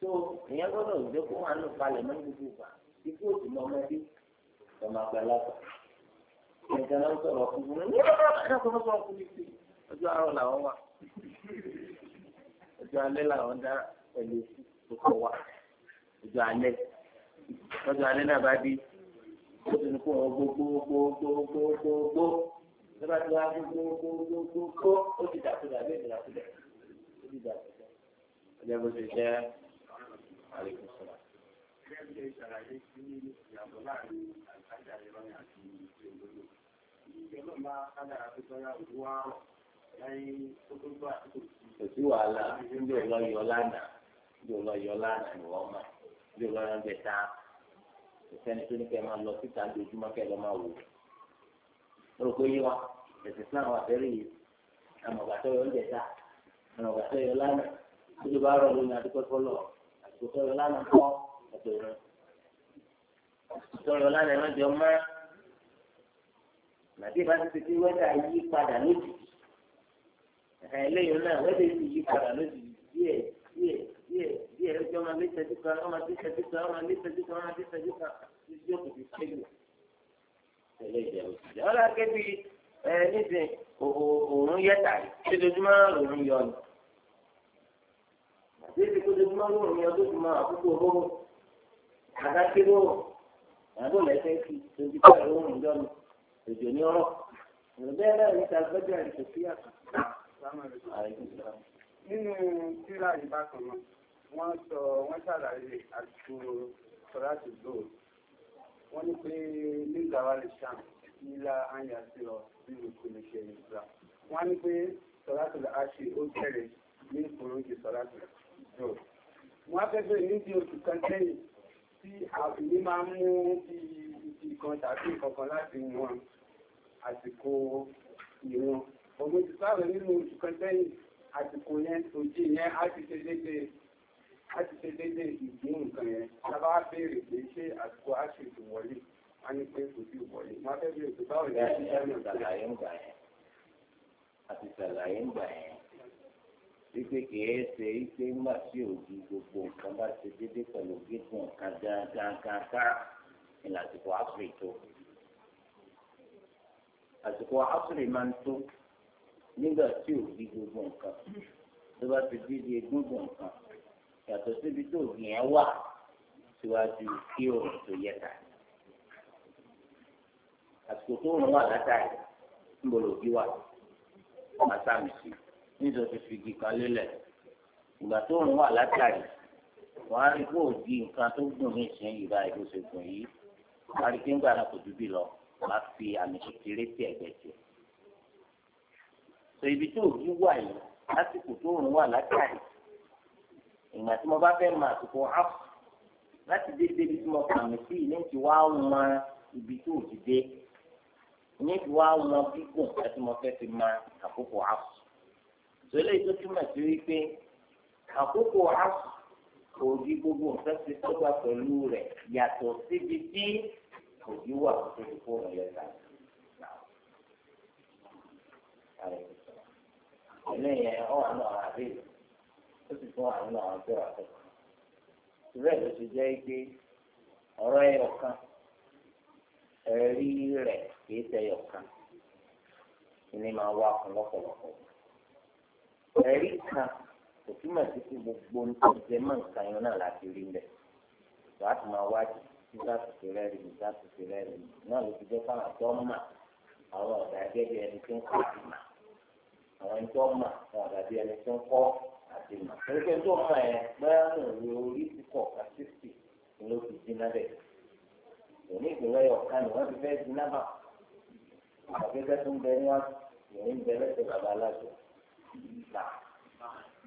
tó ìyẹn gbọ́dọ̀ òjò kó wà nù palẹ̀ mọ́ gbogbo ìgbà ikú òsì mọ́ ọmọdé ọmọ àgbàlagbà nǹkan náà ń sọ̀rọ̀ ọkùnrin ní ọjọ́ àkọ́kọ́ fún ọkùnrin sí ọjọ́ àárọ̀ làwọn wà ọjọ́ alẹ́ làwọn dá pẹ̀lú òkú wa ọjọ́ alẹ́ ọjọ́ alẹ́ náà bá dé ó ti ní kó wọn gbogbogbogbogbò lọ́ba tí wọ́n á gbogbogbogbogbò ó ti dàkúdà bí èdè dàkúdà ó ti dàkúdà ọjọ́ bó ti jẹ́ àlékún sọ̀rọ̀. Kò sí wàhálà, ń jò lọ yọ lánàá, ń jò lọ yọ lánàá ni wọ́n máa bí wọ́n ń bẹ ta ìsẹ́ni tó ní kẹ́ máa lọ síta lójúmọ́ kẹ́ lọ́ máa wò ó rò pé yé wa ẹ̀sìn Islam wà fẹ́rẹ̀ yìí àmọ̀gbàtọ́ yọ ń bẹ ta àmọ̀gbàtọ́ yọ lánàá tó tó bá rọ̀ lónìí adúgbò fọlọ́ àtòtọ́ yọ lánàá kọ́ ọ̀dọ̀rọ̀ àtòtọ́ yọ lánàá ẹ̀rọ jọ mọ́ nàbí ìbá ti ti wẹ́dà yí padà lójijì ẹ̀hẹ́n lẹ́yìn náà wẹ́dà yí padà lójijì díẹ̀ díẹ̀ díẹ̀ díẹ̀ ẹjọ́ máa lé tẹ̀sí kan ọmọ lé tẹ̀sí kan ọmọ lé tẹ̀sí kan ọmọ lé tẹ̀sí kan títí ó kò fi ṣẹ́gun. tẹ̀lé ìjẹun ìjẹun ọ̀la kẹ́bi ẹ nísìn òòrùn yẹta lójoojúmọ́ òòrùn yọ ni. àti èsì lójoojúmọ́ òòrùn yọ lójoojúmọ́ àkókò owó àdákérò àbò lẹ́sẹ̀ kí lójú pẹ̀lú òòrùn yọ ni òjò ní ọ̀rọ̀. ìrọ̀lẹ́ náà ní sàgbẹ́jà ìṣòfíà nínú tíra ìbátan náà wọ́n sọ wọ́n ṣàlàyé àsìkò sọ́láṣì lóò wọ́n ní pé nígbà wà lè ṣàn nílá àyà sí ọ bí kò lè ṣe ìgbà wọ́n ní pé sọ́láṣì àṣì ó bẹ̀rẹ̀ ní ìkòròjì sọ́láṣì lóò wọ́n fẹ́ bẹ̀rẹ̀ níbi oṣù kan sẹ́yìn tí àbìlí máa ń mú ibi kan tàbí ìkọ̀kan láti wọn àsìkò ìwọn ọmọ ìsìláàrẹ̀ nínú oṣù kan sẹ́yìn àsìkò yẹn òjì yẹn á ti ṣe déédéé a ti ṣe dédé ìdí nǹkan yẹn tábà béèrè pé ṣé àsìkò a ṣe ètò wọlé a ní pé kò sí ìwọlé má fẹ́ bí ètò báwo ni ẹni ẹni ṣàlàyé ń gbà yẹn àti ṣàlàyé ń gbà yẹn wípé kìí ṣe wípé ńgbà tí òjì gbogbo nǹkan bá ṣe dédé pẹ̀lú gígùn nǹkan dáadáa ní àsìkò àṣírí tó àsìkò àṣírí máa ń tó nígbà tí òjì gbogbo nǹkan tó bá ti dídí egungun nǹkan yàtọ̀ síbi tó ògùn yẹn wà síwájú kí òòrùn tó yẹ ká àsìkò tó òòrùn wà látàrí níbo lòdì wà màsàmì sí nítorí fìgì kan lélẹ̀ ìgbà tó òòrùn wà látàrí wọn á rí kó òdì nǹkan tó gùn ní ìsìn yìí báyìí yìí wọn á rí kí ń gbà náà kò dúbì lọ wọn á fi àmì kékeré sí ẹ̀gbẹ́ jẹ so ibi tó òdì wà yìí lásìkò tó òòrùn wà látàrí ìgbà tí mo bá fẹ́ mọ àsìkò áf láti dé débi tí mo kà mí sí ní ti wá mọ ibi tó ti dé ní ti wá mọ gígùn láti mo fẹ́ fi mọ àkókò áf sọlẹ́ yìí tó túmọ̀ sí wípé àkókò áf kò di gbogbo nǹkan ti sọ́gbà pẹ̀lú rẹ̀ yàtọ̀ síbi tí kò ní wà tó ti kó rẹ̀ lẹ́ta. ẹlẹ́yìn ọ̀ àná àbẹ̀yẹ̀. ó sì fún àwọn náà àwọn tíra tó kàn. ìrẹ́ ló ti jẹ́ pé ọ̀rọ̀ ẹyọ kan ẹ̀rí rẹ̀ kìí tẹyọ kan máa wá lọ́pọ̀lọpọ̀. ẹ̀rí kan kò túmọ̀ sí pé gbogbo nǹkan jẹ mọ́ nǹkan yẹn náà láti rí lẹ̀ wàá tún máa wájú nígbà tó ti rẹ́rìn nígbà tó ti rẹ́rìn náà ló ti jẹ́ fáwọn tó mà àwọn ọ̀dà gẹ́gẹ́ ẹni tó ń kọ́ àwọn ẹni tó mà àwọn ọ̀dà bí ẹni tó ń kọ́ àti mọ̀. Kẹ̀kẹ́ tó mọ̀ ẹ́ bẹ́ẹ̀ mò ń lo orí ti pọ̀ ká sísì ló fi dínà bẹ̀. Òní ìpínlẹ̀ ọ̀kan ni wọ́n ti fẹ́ dínà bà. Àgbẹ̀kẹ́ tó ń bẹ ní wá ìrìn ń bẹ lẹ́sẹ̀ bàbá aláṣọ. Nà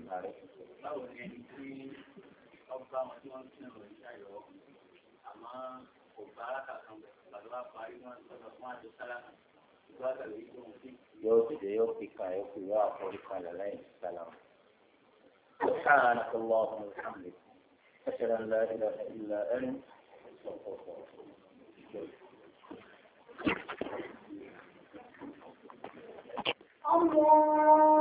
nà rẹ̀. Báwo ni ẹni tí ọba wọn tí wọ́n ti rìn ṣàyọ̀ àmọ́ kò bá alákàtàn bàbá parí wọn sọ̀rọ̀ fún àjọ sálámà yóò fi kan yóò fi yóò àforí kan lẹ́yìn sálámà. سبحانك اللهم وبحمدك أشهد أن لا إله إلا أنت أستغفرك وأتوب الله